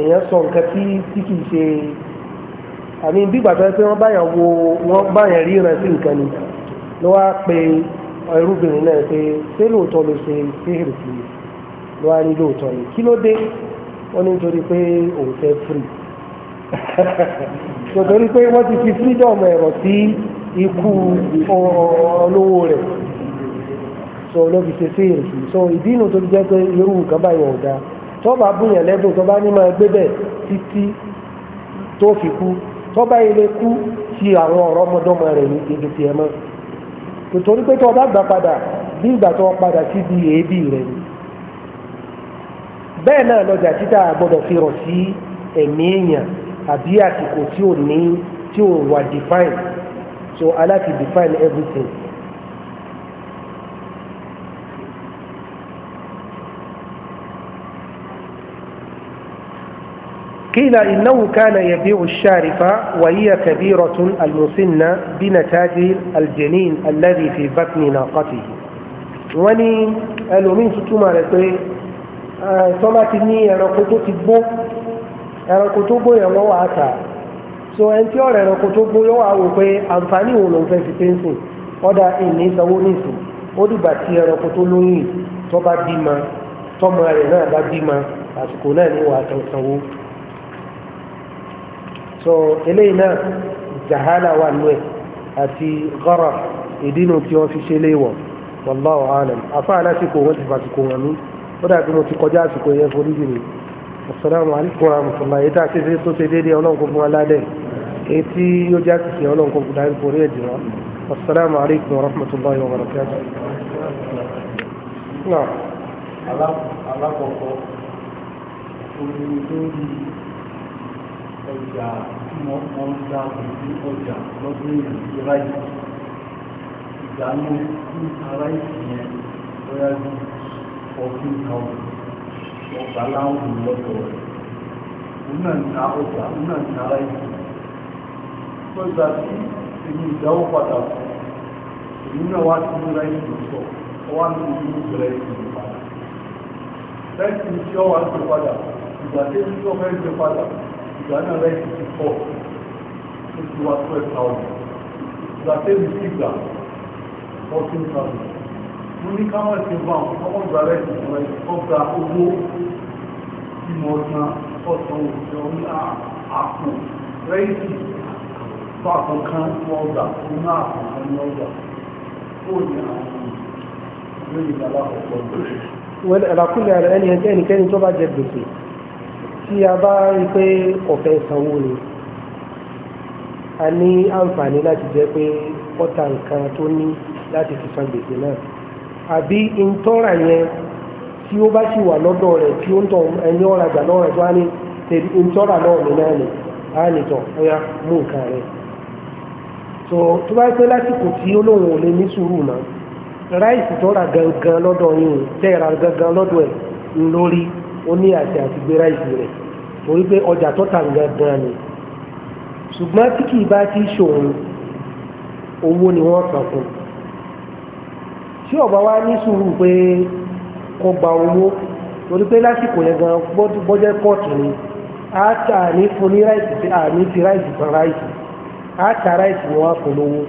èèyàn sọ nǹkan tí tí kìí ṣe àmì bígbà tó yẹ pé wọ́n báyàn wo wọ́n báyàn ríran sí nǹkan ni ló wá pe ẹrúbìnrin náà pé ṣé lóòótọ́ ló ṣe fíhìrì sí i ló wá ní lóòótọ́ ni kí ló dé wọ́n ní nítorí pé òun fẹ́ firi nítorí pé wọ́n ti fi freedom ẹ̀rọ sí ikú olówó rẹ̀ so ló fi ṣe sí so ìdínú tó jẹ́ pé irú nǹkan báyìí ò dáa tó bá búyàn lẹ́bùn tó bá ní máa gbé bẹ̀ títí tó fi kú tó bá ilé kú ti àwọn ọ̀rọ̀ ọmọdọ́mọ rẹ̀ ní ibi tiẹ̀ mọ́ nítorí pé tó bá gbà padà bí ìgbà tó padà síbi èébì rẹ̀ ni bẹ́ẹ̀ náà lọ́jà títà gbọ́dọ̀ fi rọ̀ sí ẹ̀mí èèyàn àbí àsìkò tí ò ní tí ò wà define so aláti define everything. قيل إنه كان يبيع الشارفة وهي كبيرة المسنة بنتاج الجنين الذي في بطن ناقته وني ألومين تتوما لتوي tọ́mátì ní ẹranko tó ti gbó ẹranko tó gbó yẹn wọ́n wà á tà so ẹni tí ọ̀rọ̀ ẹranko tó gbó yóò wá wò pé àǹfààní òun ló ń fẹ́ fi pẹ́ńsìn ọ̀dà ìní sanwó nìsín ó dìgbà tí ẹranko tó lóyún tó bá bímọ tọ́mọ rẹ̀ náà bá bímọ àsìkò náà ní wàá sanwó so eléyìí náà jahala wà nù ẹ̀ àti gharar ìdínú tí wọ́n fi ṣe léèwọ̀ wallahu alam afa alásìkò wọn ti fàsìkò wọn ní ó dàbí mo ti kọjá àsìkò yẹn forí jì mí asalaamu alaykum wa rahmatulah èyí tá a ṣe ṣe tó ṣe déédéé ọlọ́run fún wa èyí tí yóò já sí ṣe fún dáhùn forí ẹ̀jẹ̀ wa asalaamu alaykum wa rahmatulah wa barakatuh. alákọ̀ọ́kọ́ olùdókòwò ọjà tí wọ́n ọjà lọ́dún èèyàn sí ráì ìdáná ní ara ìsìnyẹn lọ́yà bí ọdún kan ọgbà láwọn lọ́dọ̀ rẹ̀ òun náà ọjà òun náà ara ìsìnyẹn lọ́jà tí èmi ìdáwó padà fún èmi náà wá sí ní ìsìnyẹn sọ wá ní ìlú ìbẹ̀rẹ̀ ìsìnyẹn padà lẹ́yìn tí ó ń ṣe padà ìgbà tí ó fẹ́ ṣe padà to one hundred sixty four to two hundred twelve thousand to attain the figure fourteen thousand mo ní ká wọ́n ti bá wọn kọ́kọ́ gba rẹ̀ ti sọ ẹ̀ kọ́ gba owó tí mo san ọ̀sán òṣìṣẹ́ orí àpò rẹ́ẹ̀tì fún àkọ́kán fún ọgbà fún náà àkọ́kán ní ọgbà fún òní àwọn ìlú ìgbàlá ọ̀pọ̀ ọ̀gbọ̀n. wẹ́n àlàkùnrin ẹnikẹ́ni tó bá jẹ gbèsè tí a bá rí pé ọ̀fẹ́ sanwó ni a ní àǹfààní láti jẹ́ pé ọ̀tà nǹkan tó ní láti fi san gbèsè náà àbí ìtọ́ra yẹn tí ó bá sì wà lọ́dọ̀ rẹ̀ tí ó ń tọ̀ ẹni ọ̀rà gbà náà rẹ̀ tó á ní ìtọ́ra náà ní náà ni á lè tọ̀ ọ̀yá mú nǹkan rẹ̀ tó tó bá pẹ́ lásìkò tí olóhùn ò lè ní sùúrù mọ́ ráìsì tọ́ra gangan lọ́dọ̀ yìí tẹ́ra gangan lọ́dọ̀ ẹ̀ lórí ó ní àṣẹ àti gbé ráìsì rẹ̀ torí pé ọjà tó tà gangan ni ṣùgbọ́n tí bá ti ṣòwò owó ni wọ́n kàn fún un tí ọba wa ní sùúrù pé kó gba owó torí pé lásìkò yẹn gan bọ́jẹ́ kóòtù ni a ta ní fún ní ráìsì a ní ti ráìsì kan ráìsì a ta ráìsì nwa wọ́n á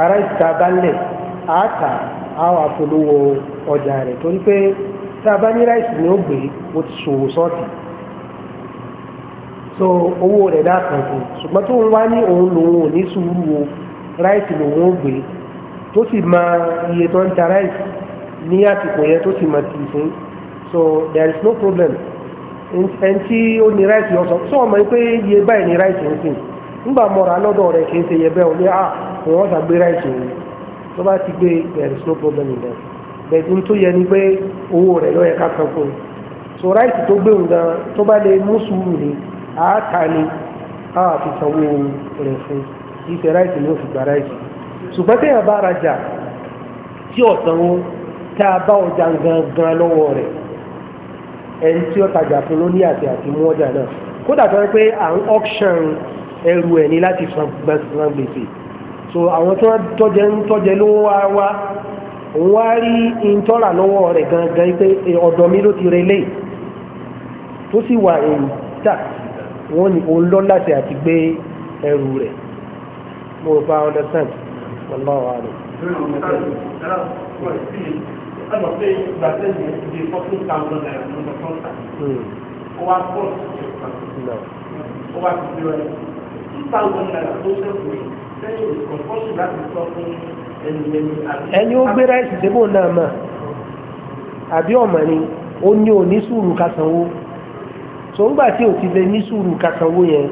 a ráìsì ta bá lẹ̀ a ta a wà polówó ọjà rẹ̀ torí pé. tá a bá ní ráìsì ni ó gbé o ti ṣòwò sọ́ọ̀tì so owó rẹ̀ dákan fún ṣùgbọ́n tó ń wá ní òun lòun ò ní sùúrù o ráìsì lòun ó gbé tó sì máa iye tó ń ta ráìsì ní àsìkò yẹn tó sì máa tì so there is no problem ẹni tí ó ní ráìsì ọ̀sán tó ọmọ yìí pé iye báyìí ní ráìsì ń sìn nígbà mọ́ra lọ́dọ̀ rẹ̀ kì í ṣe iye bẹ́ẹ̀ o ní à ah, wọ́n sàgbé ráìsì òun tó bá ti gbé there is no problem in that bẹ̀tún tó yẹ ni pé owó rẹ̀ lọ́yẹ ká kan fún un so ráìtì tó gbé òun gan tó bá lè mú sùúrù ni àáta ni a fi sanwó rẹ̀ fún ìfẹ́ ráìtì ni ó fi gba ráìtì ṣùgbọ́n téèyàn bá rajà tí ọ̀sánwó tá a bá ọjà gangan lọ́wọ́ rẹ̀ ẹni tí ó tajà fún ló ní àti àti mú ọjà náà kódà tó ń pé à ń auction ẹrù ẹ̀ ní láti san gbèsè so àwọn tó ń tọ́jẹ ń tọ́jẹ lówó wá wá òun wá rí ìtọ́ra lọ́wọ́ rẹ̀ gangan pé ọ̀dọ̀ mi ló ti relé tó sì wà èyí tà wọ́n ní òun lọ láti àti gbé ẹrù rẹ̀ mo rò pa understand ọlọ́wọ́ rẹ̀. Over two thousand naira tó ṣẹ́kù lẹ́yìn ìkọ̀kọ́sùn láti sọ fún ẹni ó gbé ráìsì débò náà mà àbí ọ̀mọ̀ ni ó ní ò sùúrù ti lè ní sùúrù yẹn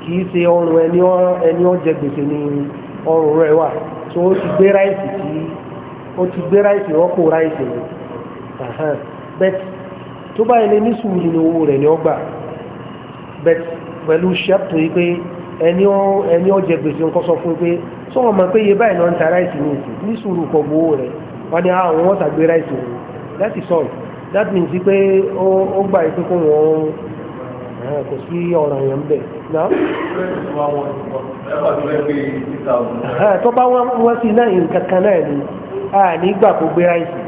kì í ṣe ọrùn ẹni ẹni ó gbèsè ní ọrùn rẹ wà tó ó ti gbé ráìsì tí ó ti gbé ráìsì rọ́pò ráìsì tó ni ó Bẹt bẹ́ẹ̀ pẹ̀lú ẹni ọ ẹni ọ jẹ gbèsè nǹkan sọ fún un pé sọ́wọ́n mọ̀ pé iye báyìí náà ń ta ráìsì ní ìsìn ní sùúrù kọ gbowó àwọn tàgbé ráìsì that means pé ó gbà yìí pé kó wọ́n kò sí ọ̀ràn yẹn ń bẹ̀ tó bá wọ́n wọ́n sí náà nǹkan náà ni a ní gbà kó gbé ráìsì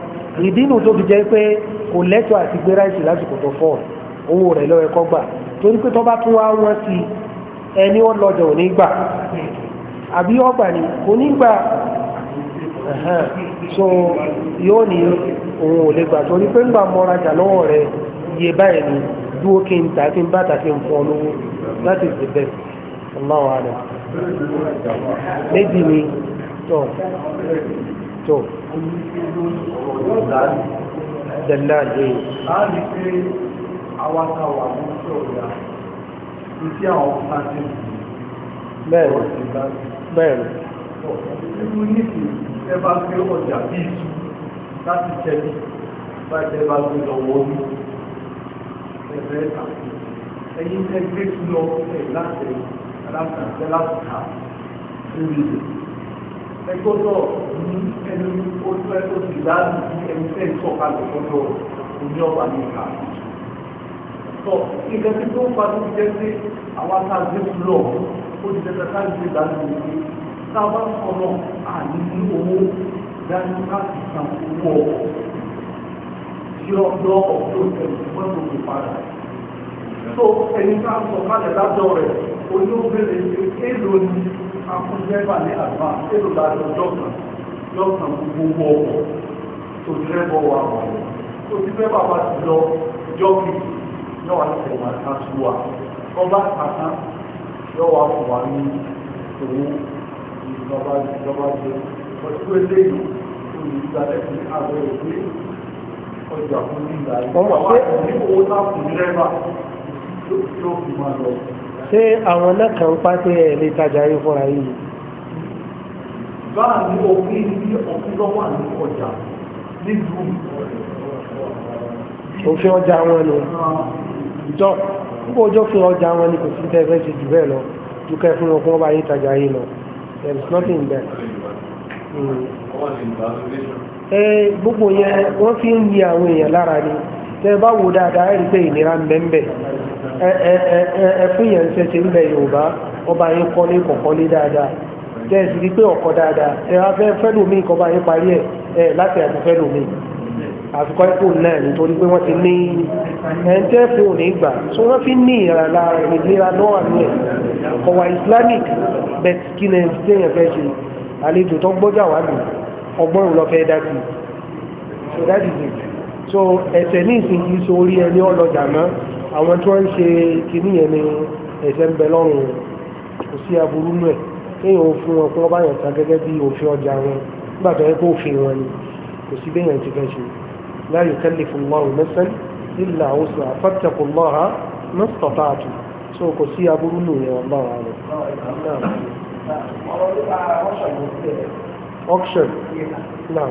ìdí inú tó fi jẹ́ pé kò lẹ́tọ̀ọ́ àti gbé ráìsì lásìkò ẹni ó lọ́jọ́ òní gbà àbí ọgbà ni òní gbà so yóò ní òun ò lè gbà torí pé ńgbà mọ́rajà lọ́wọ́ rẹ̀ iye báyìí ni dúró kí n tà kí n bá tà kí n fọ́ lówó that is the best Allahu méjì ni tó tó dẹ̀láàdì. a lè àwọn akáwà ní sọ̀rọ̀ yàrá tí àwọn ọ̀pá ti ń bẹ́ẹ̀ bẹ́ẹ̀ rẹ̀. irú níbi ẹ bá gbé ọjà bí ìtú láti jẹbi bá ẹ bá gbé lọ́wọ́ ní ẹ̀fẹ́ ẹ̀ta ẹ̀yìn tẹ́ gbé tú lọ ẹ̀ láti aláǹtàǹtẹ́ láti kà lórí rẹ̀. ẹ gbọ́dọ̀ ní ẹni ojú ẹ tó ti dá ní ẹni tẹ́ ìtọ́ka lọ́dọ̀ òní ọ̀pá ní ìka tọ̀ nǹkan tí tó ń fa tó jẹ́ pé àwọn akáàgbé lọ ó ti tẹ̀sán káàgbé láti wò pé tá a bá sọ̀rọ̀ àní ní owó dání láti san owó ọ̀ tí ó lọ ọ̀dọ́ ìtẹ̀wé wọ́n tó kò padà. tó ẹni ká sọ kálẹ̀ lájọ rẹ̀ olóògbére pé èlò ni akúndẹ́bà ní àgbà èlò láti ọjọ́ kan lọ́sàn gbogbo ọkọ̀ tó dẹ́bọ̀ wà wọ̀ tó dẹ́bà bá ti lọ jọ́kìtì yóò wá tẹ̀lé máa kan sí wa tó bá kan tán yóò wá fún wa ní owó ìjọba ìjọba jẹ ọtí eléyìí tó ní ìgbà lẹ́sìn àbẹ̀ òwe ọjà fún nígbà yìí wọ́n wá ní owó náà kù ní rẹ́bà tó fi máa lọ. ṣé àwọn náà kàn ń pàṣẹ ẹ̀ lè tajà yín fúnra yìí. báà ní òfin ní ọkùnrin lọ́wọ́ àní ọjà nílùú òfin ọjà wọn ni. ìjọ nígbà ojú fi ọjà wọn ni kò sí tẹ́ fẹ́ ṣe jù bẹ́ẹ̀ lọ ju kẹ́ fún ọba yìí tajà yìí lọ there hmm. eh, fi ń yí àwọn èèyàn lára ni tẹ́ bá wò dáadáa pé ìnira ń ń ẹ ẹ fún yẹn ń bẹ Yorùbá ọba yẹn dáadáa tẹ́ ẹ sì rí pé ọkọ̀ dáadáa ẹ wá fẹ́ fẹ́ lómi yẹn àfikọ́ ipò náà nítorí pé wọ́n ti ní ẹ̀ńtẹ́ fún òní gbà so wọ́n fi ní ìlera lára ìlera náà ní ẹ̀ ọ̀wà islamic bet kí ni ẹ̀ńtẹ́yìn fẹ́ ṣe àlejò tó gbọ́jà wà lù ọgbọ́n lọ fẹ́ dá sí so that is it so ẹ̀sẹ̀ ní ìsìn kì í so orí ẹni ọlọ́jà mọ́ àwọn tí wọ́n ń ṣe kìíní yẹn ni ẹ̀sẹ̀ ń bẹ lọ́rùn kò sí aburú nù ẹ̀ kéèyàn ó fún wọn kí wọ́n bá yàn ta gẹ́gẹ́ bí òfin ọjà wọn nígbà tó yẹ kó òfin wọn ni kò sí bẹ́ẹ̀ ti fẹ́ ṣe. لا يكلف الله نفسا إلا وسعها فاتقوا الله ما استطعتم so kò sí aburú nù yẹn نعم أوكشن نعم auction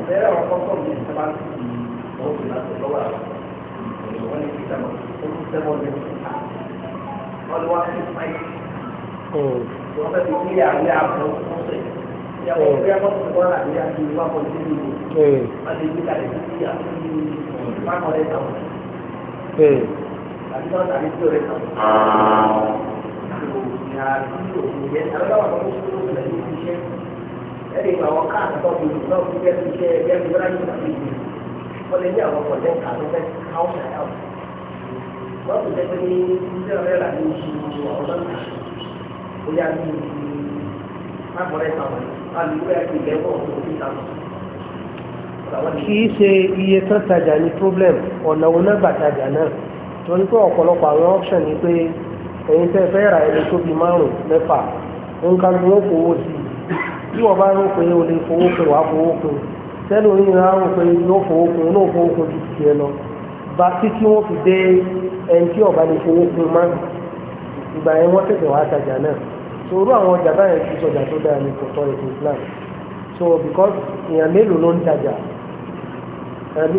now. ẹ̀rí ìgbà wọn káàkiri tó fi ìgbà wọn fi bẹ́ẹ̀ fi ṣe ẹgbẹ́ mi lọ́la yìí láti ìgbà wọn lè ní àwọn ọ̀dẹ́ kàánú bẹ́ẹ̀ káwọn ṣàyà wọn. wọ́n ti dẹ́gbẹ́ ní ilé ọ̀rẹ́ là ní oṣù ọ̀rọ̀ náà ó yá bí i mákọ̀ọ́rẹ́ sáwọn ẹ̀ kì í ṣe iye tán tajà ní problem ọ̀nà wo náà gbàtajà náà torí pé ọ̀pọ̀lọpọ̀ àwọn option ni pé ẹ̀yin tẹ́ fẹ́ ra ẹni tó bí márùn mẹ́fà nǹkan tí wọ́n fowó sí i bí wọ́n bá rò pé o lè fowó kun wàá fowó kun sẹ́nu onírin á rò pé yóò fowó kun yóò fowó kun ju tiẹ̀ lọ bá títí wọ́n fi dé ẹni tí ọ̀bá lè fowó kun má ìgbà yẹn wọ́n tẹ̀sẹ̀ wàá tajà náà sòrò àwọn ọjà báyẹn kì í sọjà tó dáa ní kò tọ́ ètò Islam so because èèyàn mélòó ló ń tajà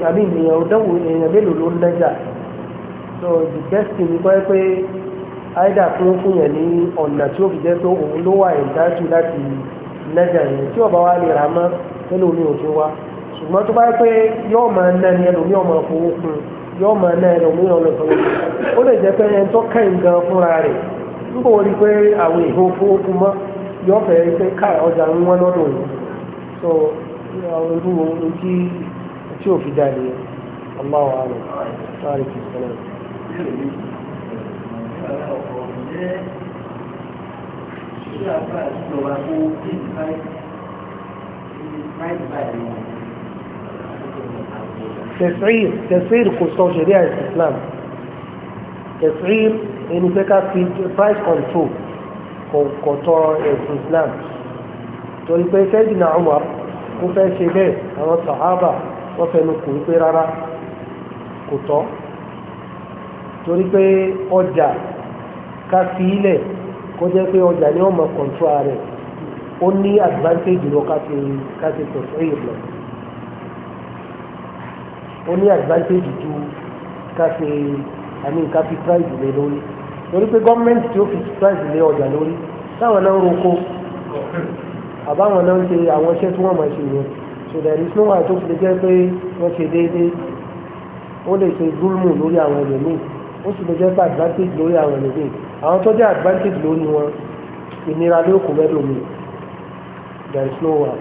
àbí èèyàn òdánwò èèyàn mélòó ló ń lẹ́jà so the best thing ni kọ́ pé either fún fún yẹn ní ọ̀nà tí ó fi jẹ́ pé òun ló wà ìdájú láti lẹ́jà yẹn tí ọba wa lè rà mọ́ nínú omi òjò wa ṣùgbọ́n tó bá yẹ pé yọ́ọ̀ máa ná ni ẹlòmíràn máa fowó kún yọ́ọ̀ máa ná ẹlòmíràn lọ́sọ̀rọ̀ ó lè jẹ́ pé ẹni tó kẹ́yìn gan fúnra rẹ̀ ń bò rí pé àwọn ìhó fowópamọ́ mọ́ yọ fẹ́ pé ká ọjà ń wọ́n lọ́dọ̀ yìí so àwọn irú ohun tí tí ò fi dá ni ọmọ àwọn àrùn sáré kìí sọ́nà. تسعير تسعير قصة شريعة الإسلام tẹ̀sírí ẹni pé ká fi price control kò tọ́ ẹ̀sìn Islam torí pé sẹ́yìn náà wà kó fẹ́ ṣe ọjà ká fi ilẹ̀ kó ọjà ni wọ́n mọ control rẹ̀ ó advantage advantage àmì nǹkan fi price lé lórí torí pé gọ́ọ̀mẹ̀ntì tí ó fi price lé ọjà lórí táwọn náà ń roko àbáwọn náà ń ṣe àwọn iṣẹ́ tí wọ́n máa ṣe yẹn so there is no way tó fi lè jẹ́ pé wọ́n ṣe déédéé wọ́n lè ṣe gúlmù lórí àwọn ẹlòmíì ó sì lè jẹ́ pé advantage lórí àwọn ẹlòmíì àwọn tó jẹ́ advantage lórí wọn ìnira ló kù mẹ́lòmíì there is no way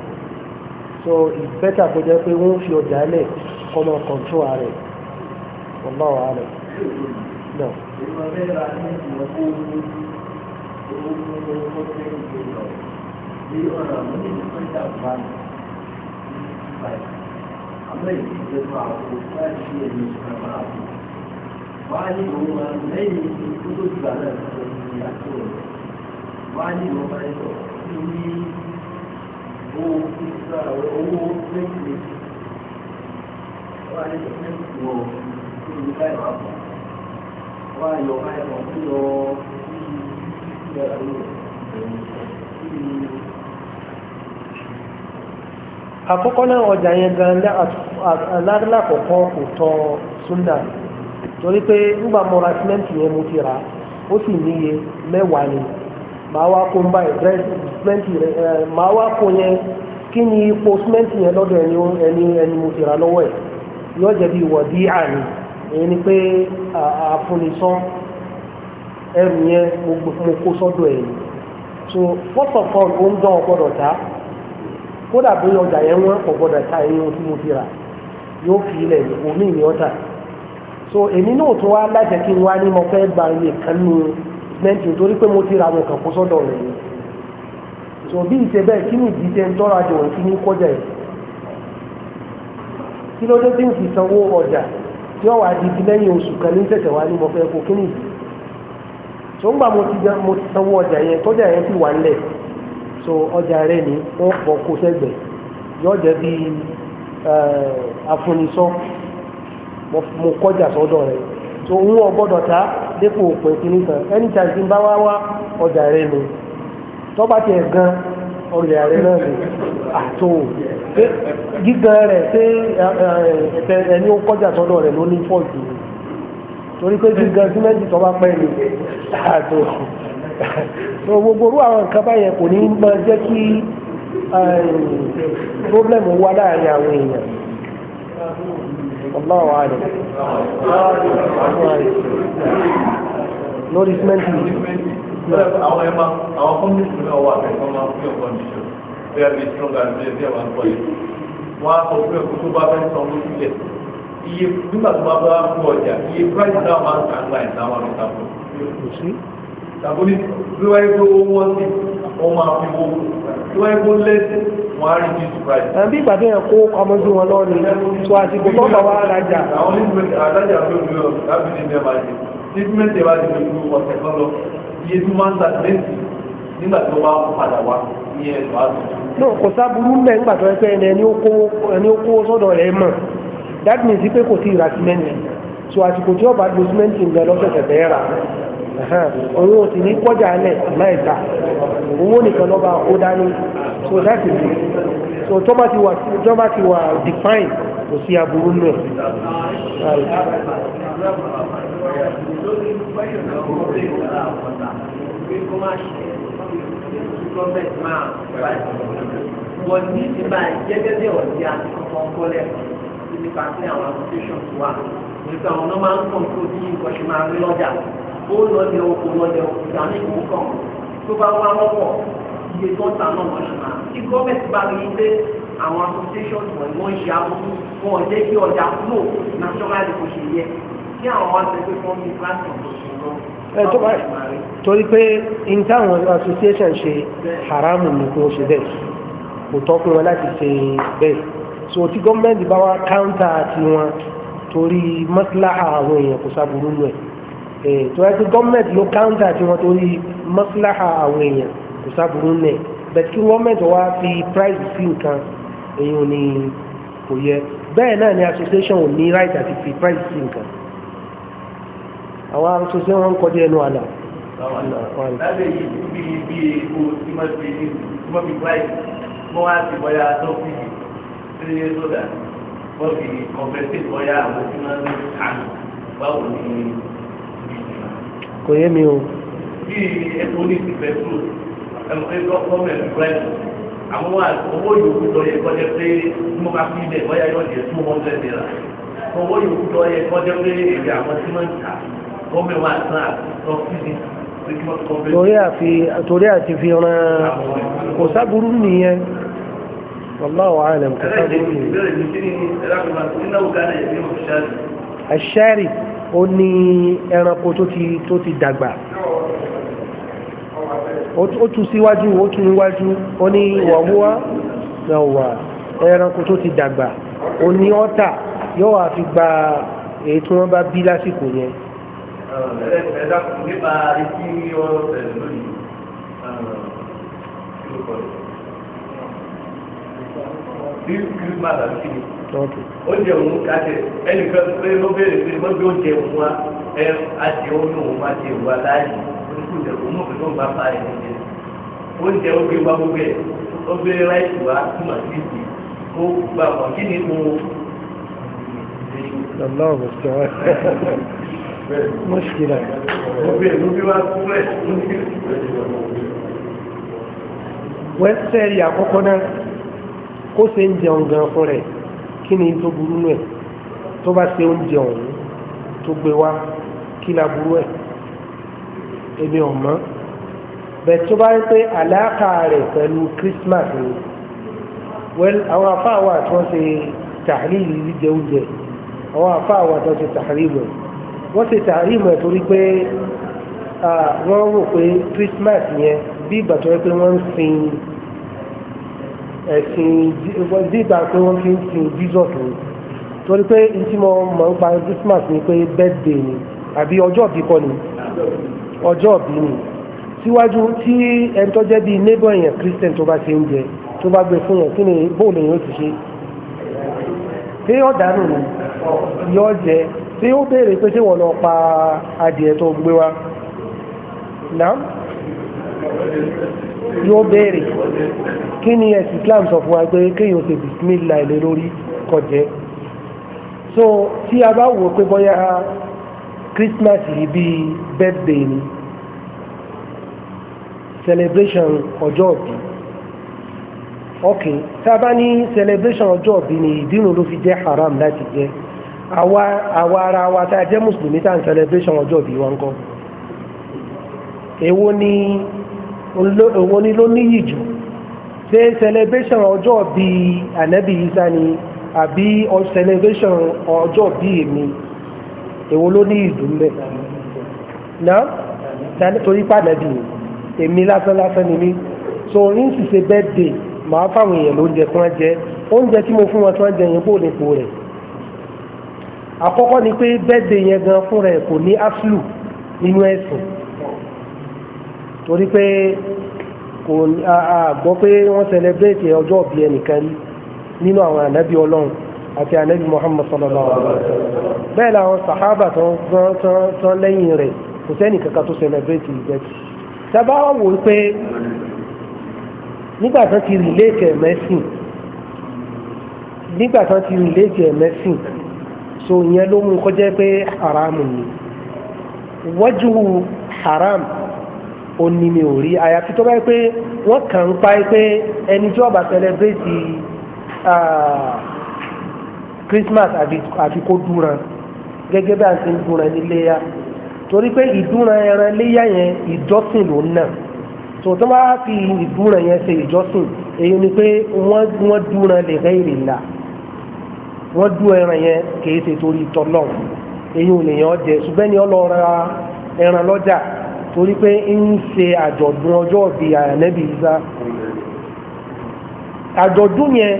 so it's better kó jẹ́ pé wọ́n fi ọjà lẹ̀ kọ́ máa control ara rẹ̀ ọlọ́wọ́ rẹ̀ wọ́n á ní òun máa lẹ́yìn tó tó gbà náà tó ní àtò rẹ̀ wọ́n á ní òun máa ń sọ kí ní owó kíkà owó pẹ́ẹ́pẹ́ wọ́n á ní sọ pé wọ́n kí ní báyìí wà pọ̀. ว่าโยมให้ของที่โยที่อะไร àkọ́kọ́ náà ọjà yẹn gan alákọ̀ọ́kọ́ kò tọ́ súnà torí pé nígbà mọ́ra símẹ́ǹtì yẹn mo ti rà ó sì níye mẹ́wàá ni màá wá kó ń bá símẹ́ǹtì rẹ màá wá kó yẹn kí ni ipò símẹ́ǹtì yẹn lọ́dọ̀ ẹni ẹni mo ti rà lọ́wọ́ ẹ̀ yóò jẹ́ bí àná èyí ni pé àfúnisán ẹrù yẹn mo kó sọ́dọ̀ ẹ̀yìn so first of all ó ń dán ọgbọ́dọ̀ ta kódà bóyá ọjà yẹn wọ́n kò gbọ́dọ̀ ta ẹ̀yìn ohun tí mo fi rà yóò fi ilẹ̀ omi ìyẹn ọ̀tà so èmi náà tún wá láti kí n wá ní mo fẹ́ gba iye kan nínú mẹ́tì torí pé mo ti ra àwọn kan kó sọ́dọ̀ rẹ̀ yìí so bí ìṣe bẹ́ẹ̀ kí ni ìdíje ń tọ́ra jọ òun kí ní kọjá yìí kí ló dé tí n fi sanwó ọjà yìí. tí ó wà di ti lẹ́yìn oṣù kan ní tẹ̀tẹ̀ wá ní mo fẹ́ kó ń gbà mo ti mo ti sanwó ọjà yẹn tọ́jà yẹn ti wà ńlẹ̀ so ọjà rẹ ni wọ́n pọ̀ kó sẹ́gbẹ̀ yóò jẹ́ bí eh, mo kọjà sọ́dọ̀ rẹ so ń wọ́n gbọ́dọ̀ ta dépò òpin ọ̀rẹ́ ààrẹ náà ni àtò gígan rẹ̀ ṣé ẹni ó kọjá sọ́dọ̀ rẹ̀ ló ní fọ́ọ̀tù torí pé gígan símẹ́ǹtì tó bá pẹ́ ni àtò so gbogbo orú àwọn nǹkan báyẹn kò ní máa jẹ́ kí problem wá láàrin àwọn èèyàn. Allahu alam. Lórí símẹ́ǹtì àwọn ẹ̀ máa àwọn kọ́míṣì náà wà tẹ̀sán máa fi ọ̀pọ̀ níṣẹ́ bẹ́ẹ̀ bí strong and bẹ́ẹ̀ bẹ́ẹ̀ máa ń pọ̀ yìí wọ́n á sọ fún price náà máa ń kà ń gbà ẹ̀ náà máa ń kà fún tàbí bí wáyé pé owó wọ́n ti wọ́n máa fi owó bí wáyé pé ó lẹ́sìn wọ́n á rí ní surprise. àbí ìgbà tó yẹ kó pamọ́ sí wọn lọ́ọ̀ni tó àsìkò tó bá wà lájà. ní ẹ̀ máa ṣe treatment ẹ̀ ọ̀sẹ̀ kan lọ iye tó máa ń ta lẹ́sì nígbà tó bá padà wá ní ẹ̀rọ àtọ̀. náà kò sábúrú ń bẹ̀ nígbà tó ẹ pé ẹni ó kó sọ́dọ̀ rẹ̀ mọ̀ that means pé kò tí ì ra símẹ́ǹtì so àsìkò tí ọba lo símẹ́ǹtì ń bẹ lọ́sẹ̀sẹ̀ bẹ́ẹ̀ rà òun ò sì ní kọjá alẹ̀ láìta owó nìkan lọ́ba ó dání so that is it so tọ́ba ti wà tọ́ba ti wà define kò sí aburú náà wọ́n ní ti báyìí gẹ́gẹ́ bí ọ̀dí àti kankan kọ́lẹ̀ nípa sí àwọn association tó wà nípa àwọn ọ̀nà máa ń kàn tó bí nǹkan ṣe máa rí lọ́jà ó lọ́dẹ oko lọ́dẹ oko ìdáná ìlú kan tó bá wá lọ́pọ̀ iye tó ń ta náà wọ́n ṣe máa tí gọ́ọ̀mẹ̀ntì bá rí i pé àwọn association wọ̀nyí wọ́n ń ṣe àwọn fún ọ̀jẹ́ kí ọjà kúrò national kò ṣe yẹ kí àwọn wá ṣe pé fún mi tó bá torí pé n táwọn association ṣe haramu ni kò ṣe bẹ́ẹ̀ kò tọ́ fún wọn láti ṣe bẹ́ẹ̀ so tí gọ́ọ̀mẹ́ntì bá wá káńtà tiwọn torí mọ́síláhà àwọn èèyàn kò sábúrú nù ẹ̀ tó yẹ kí gọ́ọ̀mẹ̀ntì ló káńtà tí wọ́n torí mọ́síláhà àwọn èèyàn kò sábúrú nẹ̀ bẹ̀tí kí gọ́ọ̀mẹ̀ntì wá fi price sí nǹkan èèyàn ni kò yẹ bẹ́ẹ̀ náà ni association ò ní right àti fi price sí nǹkan àwọn arúgbó ṣé wọ́n ń kọjá ẹnu àlà. lábẹ́ yìí bí bí epo tí wọ́n fi ní tí wọ́n fi báyìí wọ́n wá sí bọ́yá lọ́fíìsì tí ó yẹ sódà wọ́n fi kọ̀m̀pẹ́sì bọ́yá àwọn tí wọ́n ń kànú báwo ni kò yé mi o. bí epo ní ti fẹ́ kúrò ẹ̀kọ́ gọ́ọ̀mẹ̀ntì báyìí àwọn wà owó yòókù tó yẹ kọjá pé mo bá fi ilẹ̀ bọ́yá yọ̀ọ́ di two hundred naira owó yòókù tó yẹ kọjá pé èdè àwọn tí wọ́n ń ta torí àfi torí àti fi ran kò sábúrú nìyẹn wallahu a'lam kò sábúrú nìyẹn. àṣàrì ó ní ẹranko tó ti tó ti dàgbà ó tún síwájú ó tún níwájú ó ní wàwúwá náà wà ẹranko tó ti dàgbà ó ní ọ̀tà yóò wá fi gba èyí tí wọ́n bá bí lásìkò yẹn ẹ̀ẹ́dá kù nípa etí ọ̀rọ̀ tẹ́lẹ̀ lónìí kí ló kọ́ bí kiri máa bàbá kiri oúnjẹ òun kájẹ ẹnìkan pé ó béèrè pé wọ́n gbé oúnjẹ òun wá ẹ àti oúnjẹ òun wá ti wá láàyè oníkùnjẹ òun òfin tó ń bá bá ẹ̀ níjẹ oúnjẹ ó gbé wá gbogbo ẹ̀ ó gbé ráìsì wá túmọ̀ sí ìdí kó gbà wọ́n kí ni mo. lọ́wọ́ sọ ẹ́ mọ́ṣíkìlá wẹ́sẹ̀rì àkọ́kọ́ náà kó ṣe ń jẹun gan fún rẹ̀ kí ni tó burú nù ẹ̀ tó bá ṣe ń jẹun tó gbé wá kí la burú ẹ̀ ebi ọ̀mọ́ bẹ́ẹ̀ tó bá ń pẹ́ àlàkà rẹ̀ pẹ̀lú Christmas ni wẹ́l àwọn afáwà tó ṣe tàhálì ìlú jẹ oúnjẹ àwọn afáwà tó ṣe tàhálì rẹ̀ wọ́n ṣe tààrímù ẹ̀ torí pé wọ́n rò pé Christmas yẹn bí ìgbà tó yẹ pé wọ́n ń sin ẹ̀sìn bí ìgbà pé wọ́n fi ń sin Jesus ni torí pé n tí mo mọ̀ nípa Christmas ni pé birthday ni àbí ọjọ́ òbí kọ́ ni ọjọ́ òbí ni síwájú tí ẹni tó jẹ́ bíi neighbor yẹn Christian tó bá ṣe ń jẹ tó bá gbé fún yẹn kí ni bóòlù yẹn ó ti ṣe ṣé yóò dànù ni yóò jẹ tí ó béèrè pé tí wọ́n lọ pa adìẹ tó gbé wá náà yóò béèrè kí ni ẹ̀sìn Islam sọ fún wa pé ṣe bismillah ilé lórí kọjẹ́ so tí a bá wò pé bóyá Christmas yìí bíi birthday ni celebration ọjọ́ ìbí ok tá a bá ní celebration ọjọ́ ìbí ni ìdínú ló fi jẹ́ haram láti jẹ́ àwa ara wa tá a jẹ́ mùsùlùmí tá à ń celebration ọjọ́ bí wọn kọ́ èwo ni èwo ni ló níyì jù ṣé celebration ọjọ́ bí ànábì Isa ni àbí celebration ọjọ́ bí èmi èwo ló níyì jù ń bẹ̀ náà torí pàdánù èmi lásán lásán ni mí so orin ṣiṣẹ́ birthday màá fáwọn èèyàn lóúnjẹ tí wọ́n jẹ oúnjẹ tí mo fún wọn tí wọ́n jẹ yẹn bó nípo rẹ̀ àkọ́kọ́ ni pé bẹ́ẹ̀dẹ̀ yẹn gan fúnra ẹ̀ kò ní áflù nínú ẹ̀sìn torí pé kò a gbọ́ pé wọ́n sẹlẹ̀bírẹ̀tì ọjọ́ ìbí ẹnìkan rí nínú àwọn ànábì ọlọ́run àti ànábì Muhammad sallallahu alaihi wa sallam bẹ́ẹ̀ làwọn sàhábà tán lẹ́yìn rẹ̀ kò sẹ́ni kankan tó sẹlẹ̀bírẹ̀tì ìgbẹ́tì sábà wò pé nígbà tán ti rìlé ìkẹ̀ mẹ́sìn nígbà tán ti rìlé ìkẹ̀ mẹ́sìn so ìyẹn ló mú kó jẹ́ pé haram ni wájú haram ó ní mi ò rí àyàfi tó báyìí pé wọ́n kàn ń pa pé ẹni tí wọ́n bá celebrate ah, Christmas àfi kó dúran gẹ́gẹ́ bí a ti ń dúran níléyà torí pé ìdúran ẹran léyà yẹn ìjọsìn ló náà so tó bá fi ìdúran yẹn ṣe ìjọsìn èyí ni pé wọ́n dúran lè rẹ́ ìrìnlá wọ́n dú ẹran yẹn kìí ṣe torí tọ́lọ̀ èyí ò lè yàn ọ́ jẹ ṣùgbọ́n ni ọlọ́ ra ẹran lọ́jà torí pé ń ṣe àjọ̀dún ọjọ́ ìbí ànábì Ìsá àjọ̀dún yẹn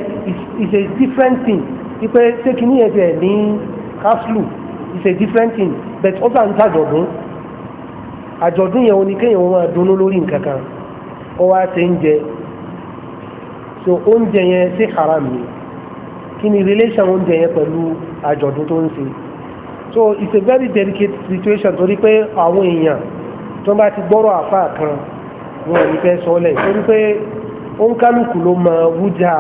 is a different thing ipe ṣé kìíní yẹn tiẹ̀ ní kásìlù is a different thing but ó bá ń tàjọ̀dún àjọ̀dún yẹn òní kéèyàn wọn máa dunnú lórí nǹkan kan ó wá ṣe ń jẹ so oúnjẹ yẹn ṣe haram ni kí ni relation oúnjẹ yẹn pẹ̀lú àjọ̀dún tó ń ṣe so it's a very delicate situation torí pé àwọn èèyàn tó bá ti gbọ́rọ̀ àfa kan wọn ò ní fẹ́ sọ́lẹ̀ torí pé ó ń kálukú ló mọ wújà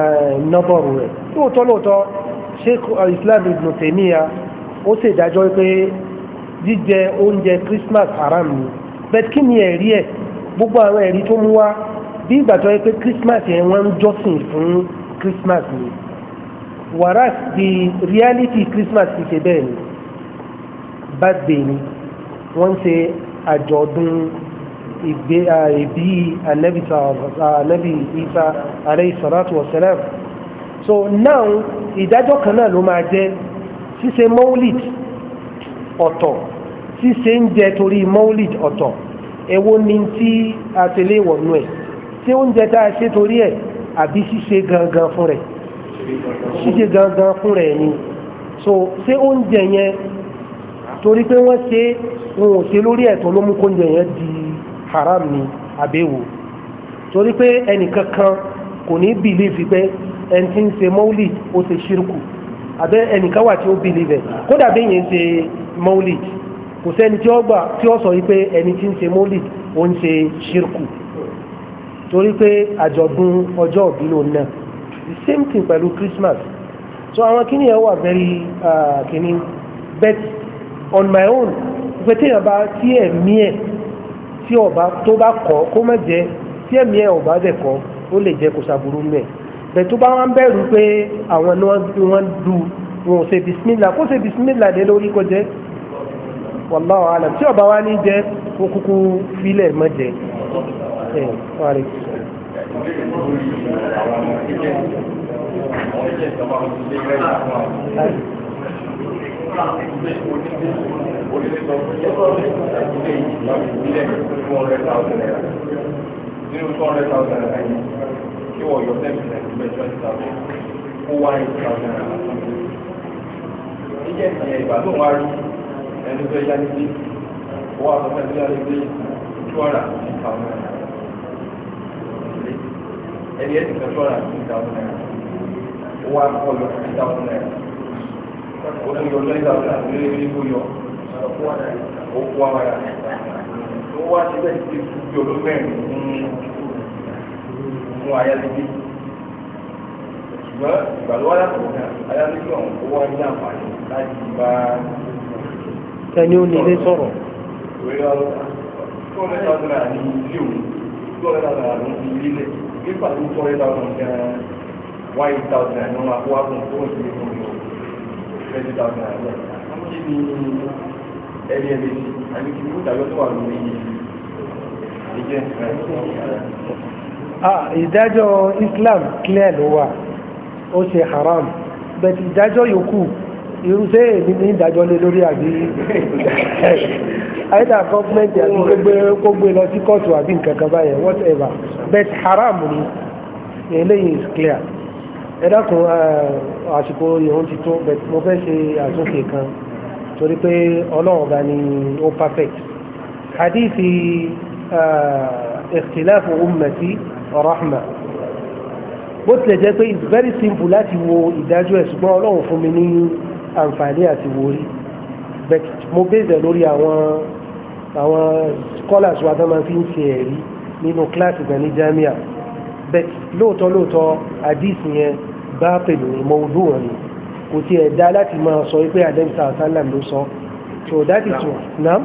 eh, nọ́bọ̀rù rẹ̀ lóòótọ́ lóòótọ́ sheikh islam ibn taymiya ó ṣèdájọ́ pé jíjẹ oúnjẹ christmas haram ni bẹ́ẹ̀ kí ni ẹ̀rí ẹ̀ gbogbo àwọn ẹ̀rí tó mú wá bí ìgbà tó yẹ pé christmas yẹn wọ́n ń jọ́sìn fún christmas ni whereas the reality Christmas ti ṣe bẹ́ẹ̀ ni birthday ni wọ́n ṣe àjọ̀dún ìbí anabi Isa alayhi salatu wa salam so now ìdájọ́ kan náà ló máa jẹ́ ṣíṣe maulid ọ̀tọ̀ ṣíṣe ń jẹ torí maulid ọ̀tọ̀ èwo ni tí a tẹ̀lé wọ̀nú ẹ̀ tí oúnjẹ tá a ṣe torí ẹ̀ àbí ṣíṣe gangan fún rẹ̀ ṣíṣe gangan fún rẹ̀ ni so ṣé oúnjẹ yẹn torí pé wọ́n ṣe wọn ò ṣe lórí ẹ̀tọ́ ló mú kóúnjẹ yẹn di haram ni àbẹ̀wò torí pé ẹnìkankan kò ní bìlíìfì pé ẹni tí ń ṣe mọ́wúlì ó ṣe ṣírùkù àbẹ ẹnìkan wà tí ó bìlíìfì kódà bẹ́ẹ̀ yẹn ṣe mọ́wúlì kò sẹ́ni tí ó gbà tí ó sọ yìí pé ẹni tí ń ṣe mọ́lì ó ń ṣe ṣírkù torí pé àjọ̀dún ọjọ́ ìbí lòun náà the same thing pẹ̀lú Christmas so àwọn kíni yẹn wà very uh, kíni bet on my own pé téèyàn bá tí ẹ̀mí ẹ̀ tí ọba tó bá kọ́ kó má jẹ tí ẹ̀mí ẹ̀ ọba dẹ̀ kọ́ ó lè jẹ́ kó ṣàbùrú mẹ́ bẹ̀ tó bá wọn bẹ̀rù pé àwọn ni wọ́n lu wọn ò ṣe bisimilá kó ṣe bisimilá dé lórí kó jẹ́ wàláwàá àlàm tí ọba wa ní jẹ́ ó kúkú filẹ̀ má jẹ́ ẹ̀ wàá rí i nínú ìgbà tó ń wá rí ẹni tó yá nílé wọ́n á sọ fún tó yá nílé two hundred and fifty thousand naira ẹni ẹni kẹfọ́ rà sí ìdáwọ́ náírà ó wá kọ́ lọ sí ìdáwọ́ náírà ó tún yọ lẹ́yìn àwọn àgbélé ní kó yọ ó kó àwọn ará ó wá síbẹ̀ sí ìdúgbò olómẹ́rin fún ayálégbé ṣùgbọ́n ìgbàlówó alákòókò ayálégbé ọ̀hún ó wá ní àǹfààní láti bá ẹni ó ní ilé sọ̀rọ̀ two hundred thousand naira ní ilé òun two hundred thousand naira ló ń ilé lẹ̀ if I do four thousand naira one eight thousand naira normal kó wá fún tó ń tilé fún mi o twenty thousand naira kí ni ẹni ẹni àti kí kúta yóò tó wà lórí ìjẹ ìdájọ́ Islam clear ló wà ó ṣe haram but ìdájọ́ yòókù irúṣẹ́ èmi ní ìdájọ́ lé lórí àbí either government àti kó gbé lọ sí kóòtù àbí nǹkan kan báyẹn whatever but haram ni eléyìí is clear ẹ dákun àsìkò ìhun ti tó but mo fẹ́ ṣe àtúnṣe kan torí pé ọlọ́run ga ni ó perfect hadithi ikhtilafu ummati rahma bó tilẹ̀ jẹ́ pé it's very simple láti wo ìdájọ́ ẹ̀ ṣùgbọ́n ọlọ́run fún mi ní àǹfààní àti wòrí but mo bèèrè lórí àwọn àwọn scholars wa tó máa fi ń ṣe ẹ̀rí nínú kíláàsì gan ní jamia but lóòótọ́ lóòótọ́ hadith yẹn bá pẹ̀lú ìmọ̀ ojú wọn ni kò tiẹ̀ dá láti máa sọ wípé ademsa asalam ló sọ so that is what naam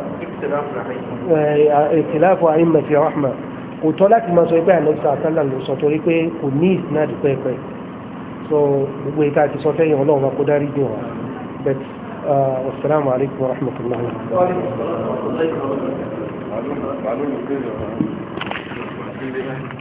ìtìláfù àìmọ̀tì rahma kò tọ́ láti máa sọ pé àlọ́sà àtàlà ló sọ torí pé kò ní ìsinádìí pẹ́ẹ́pẹ́ so gbogbo ìta àti sọtẹ́yìn ọlọ́run kó dárí jù wá. بك آه والسلام عليكم ورحمة الله وبركاته وعليكم ورحمة الله وبركاته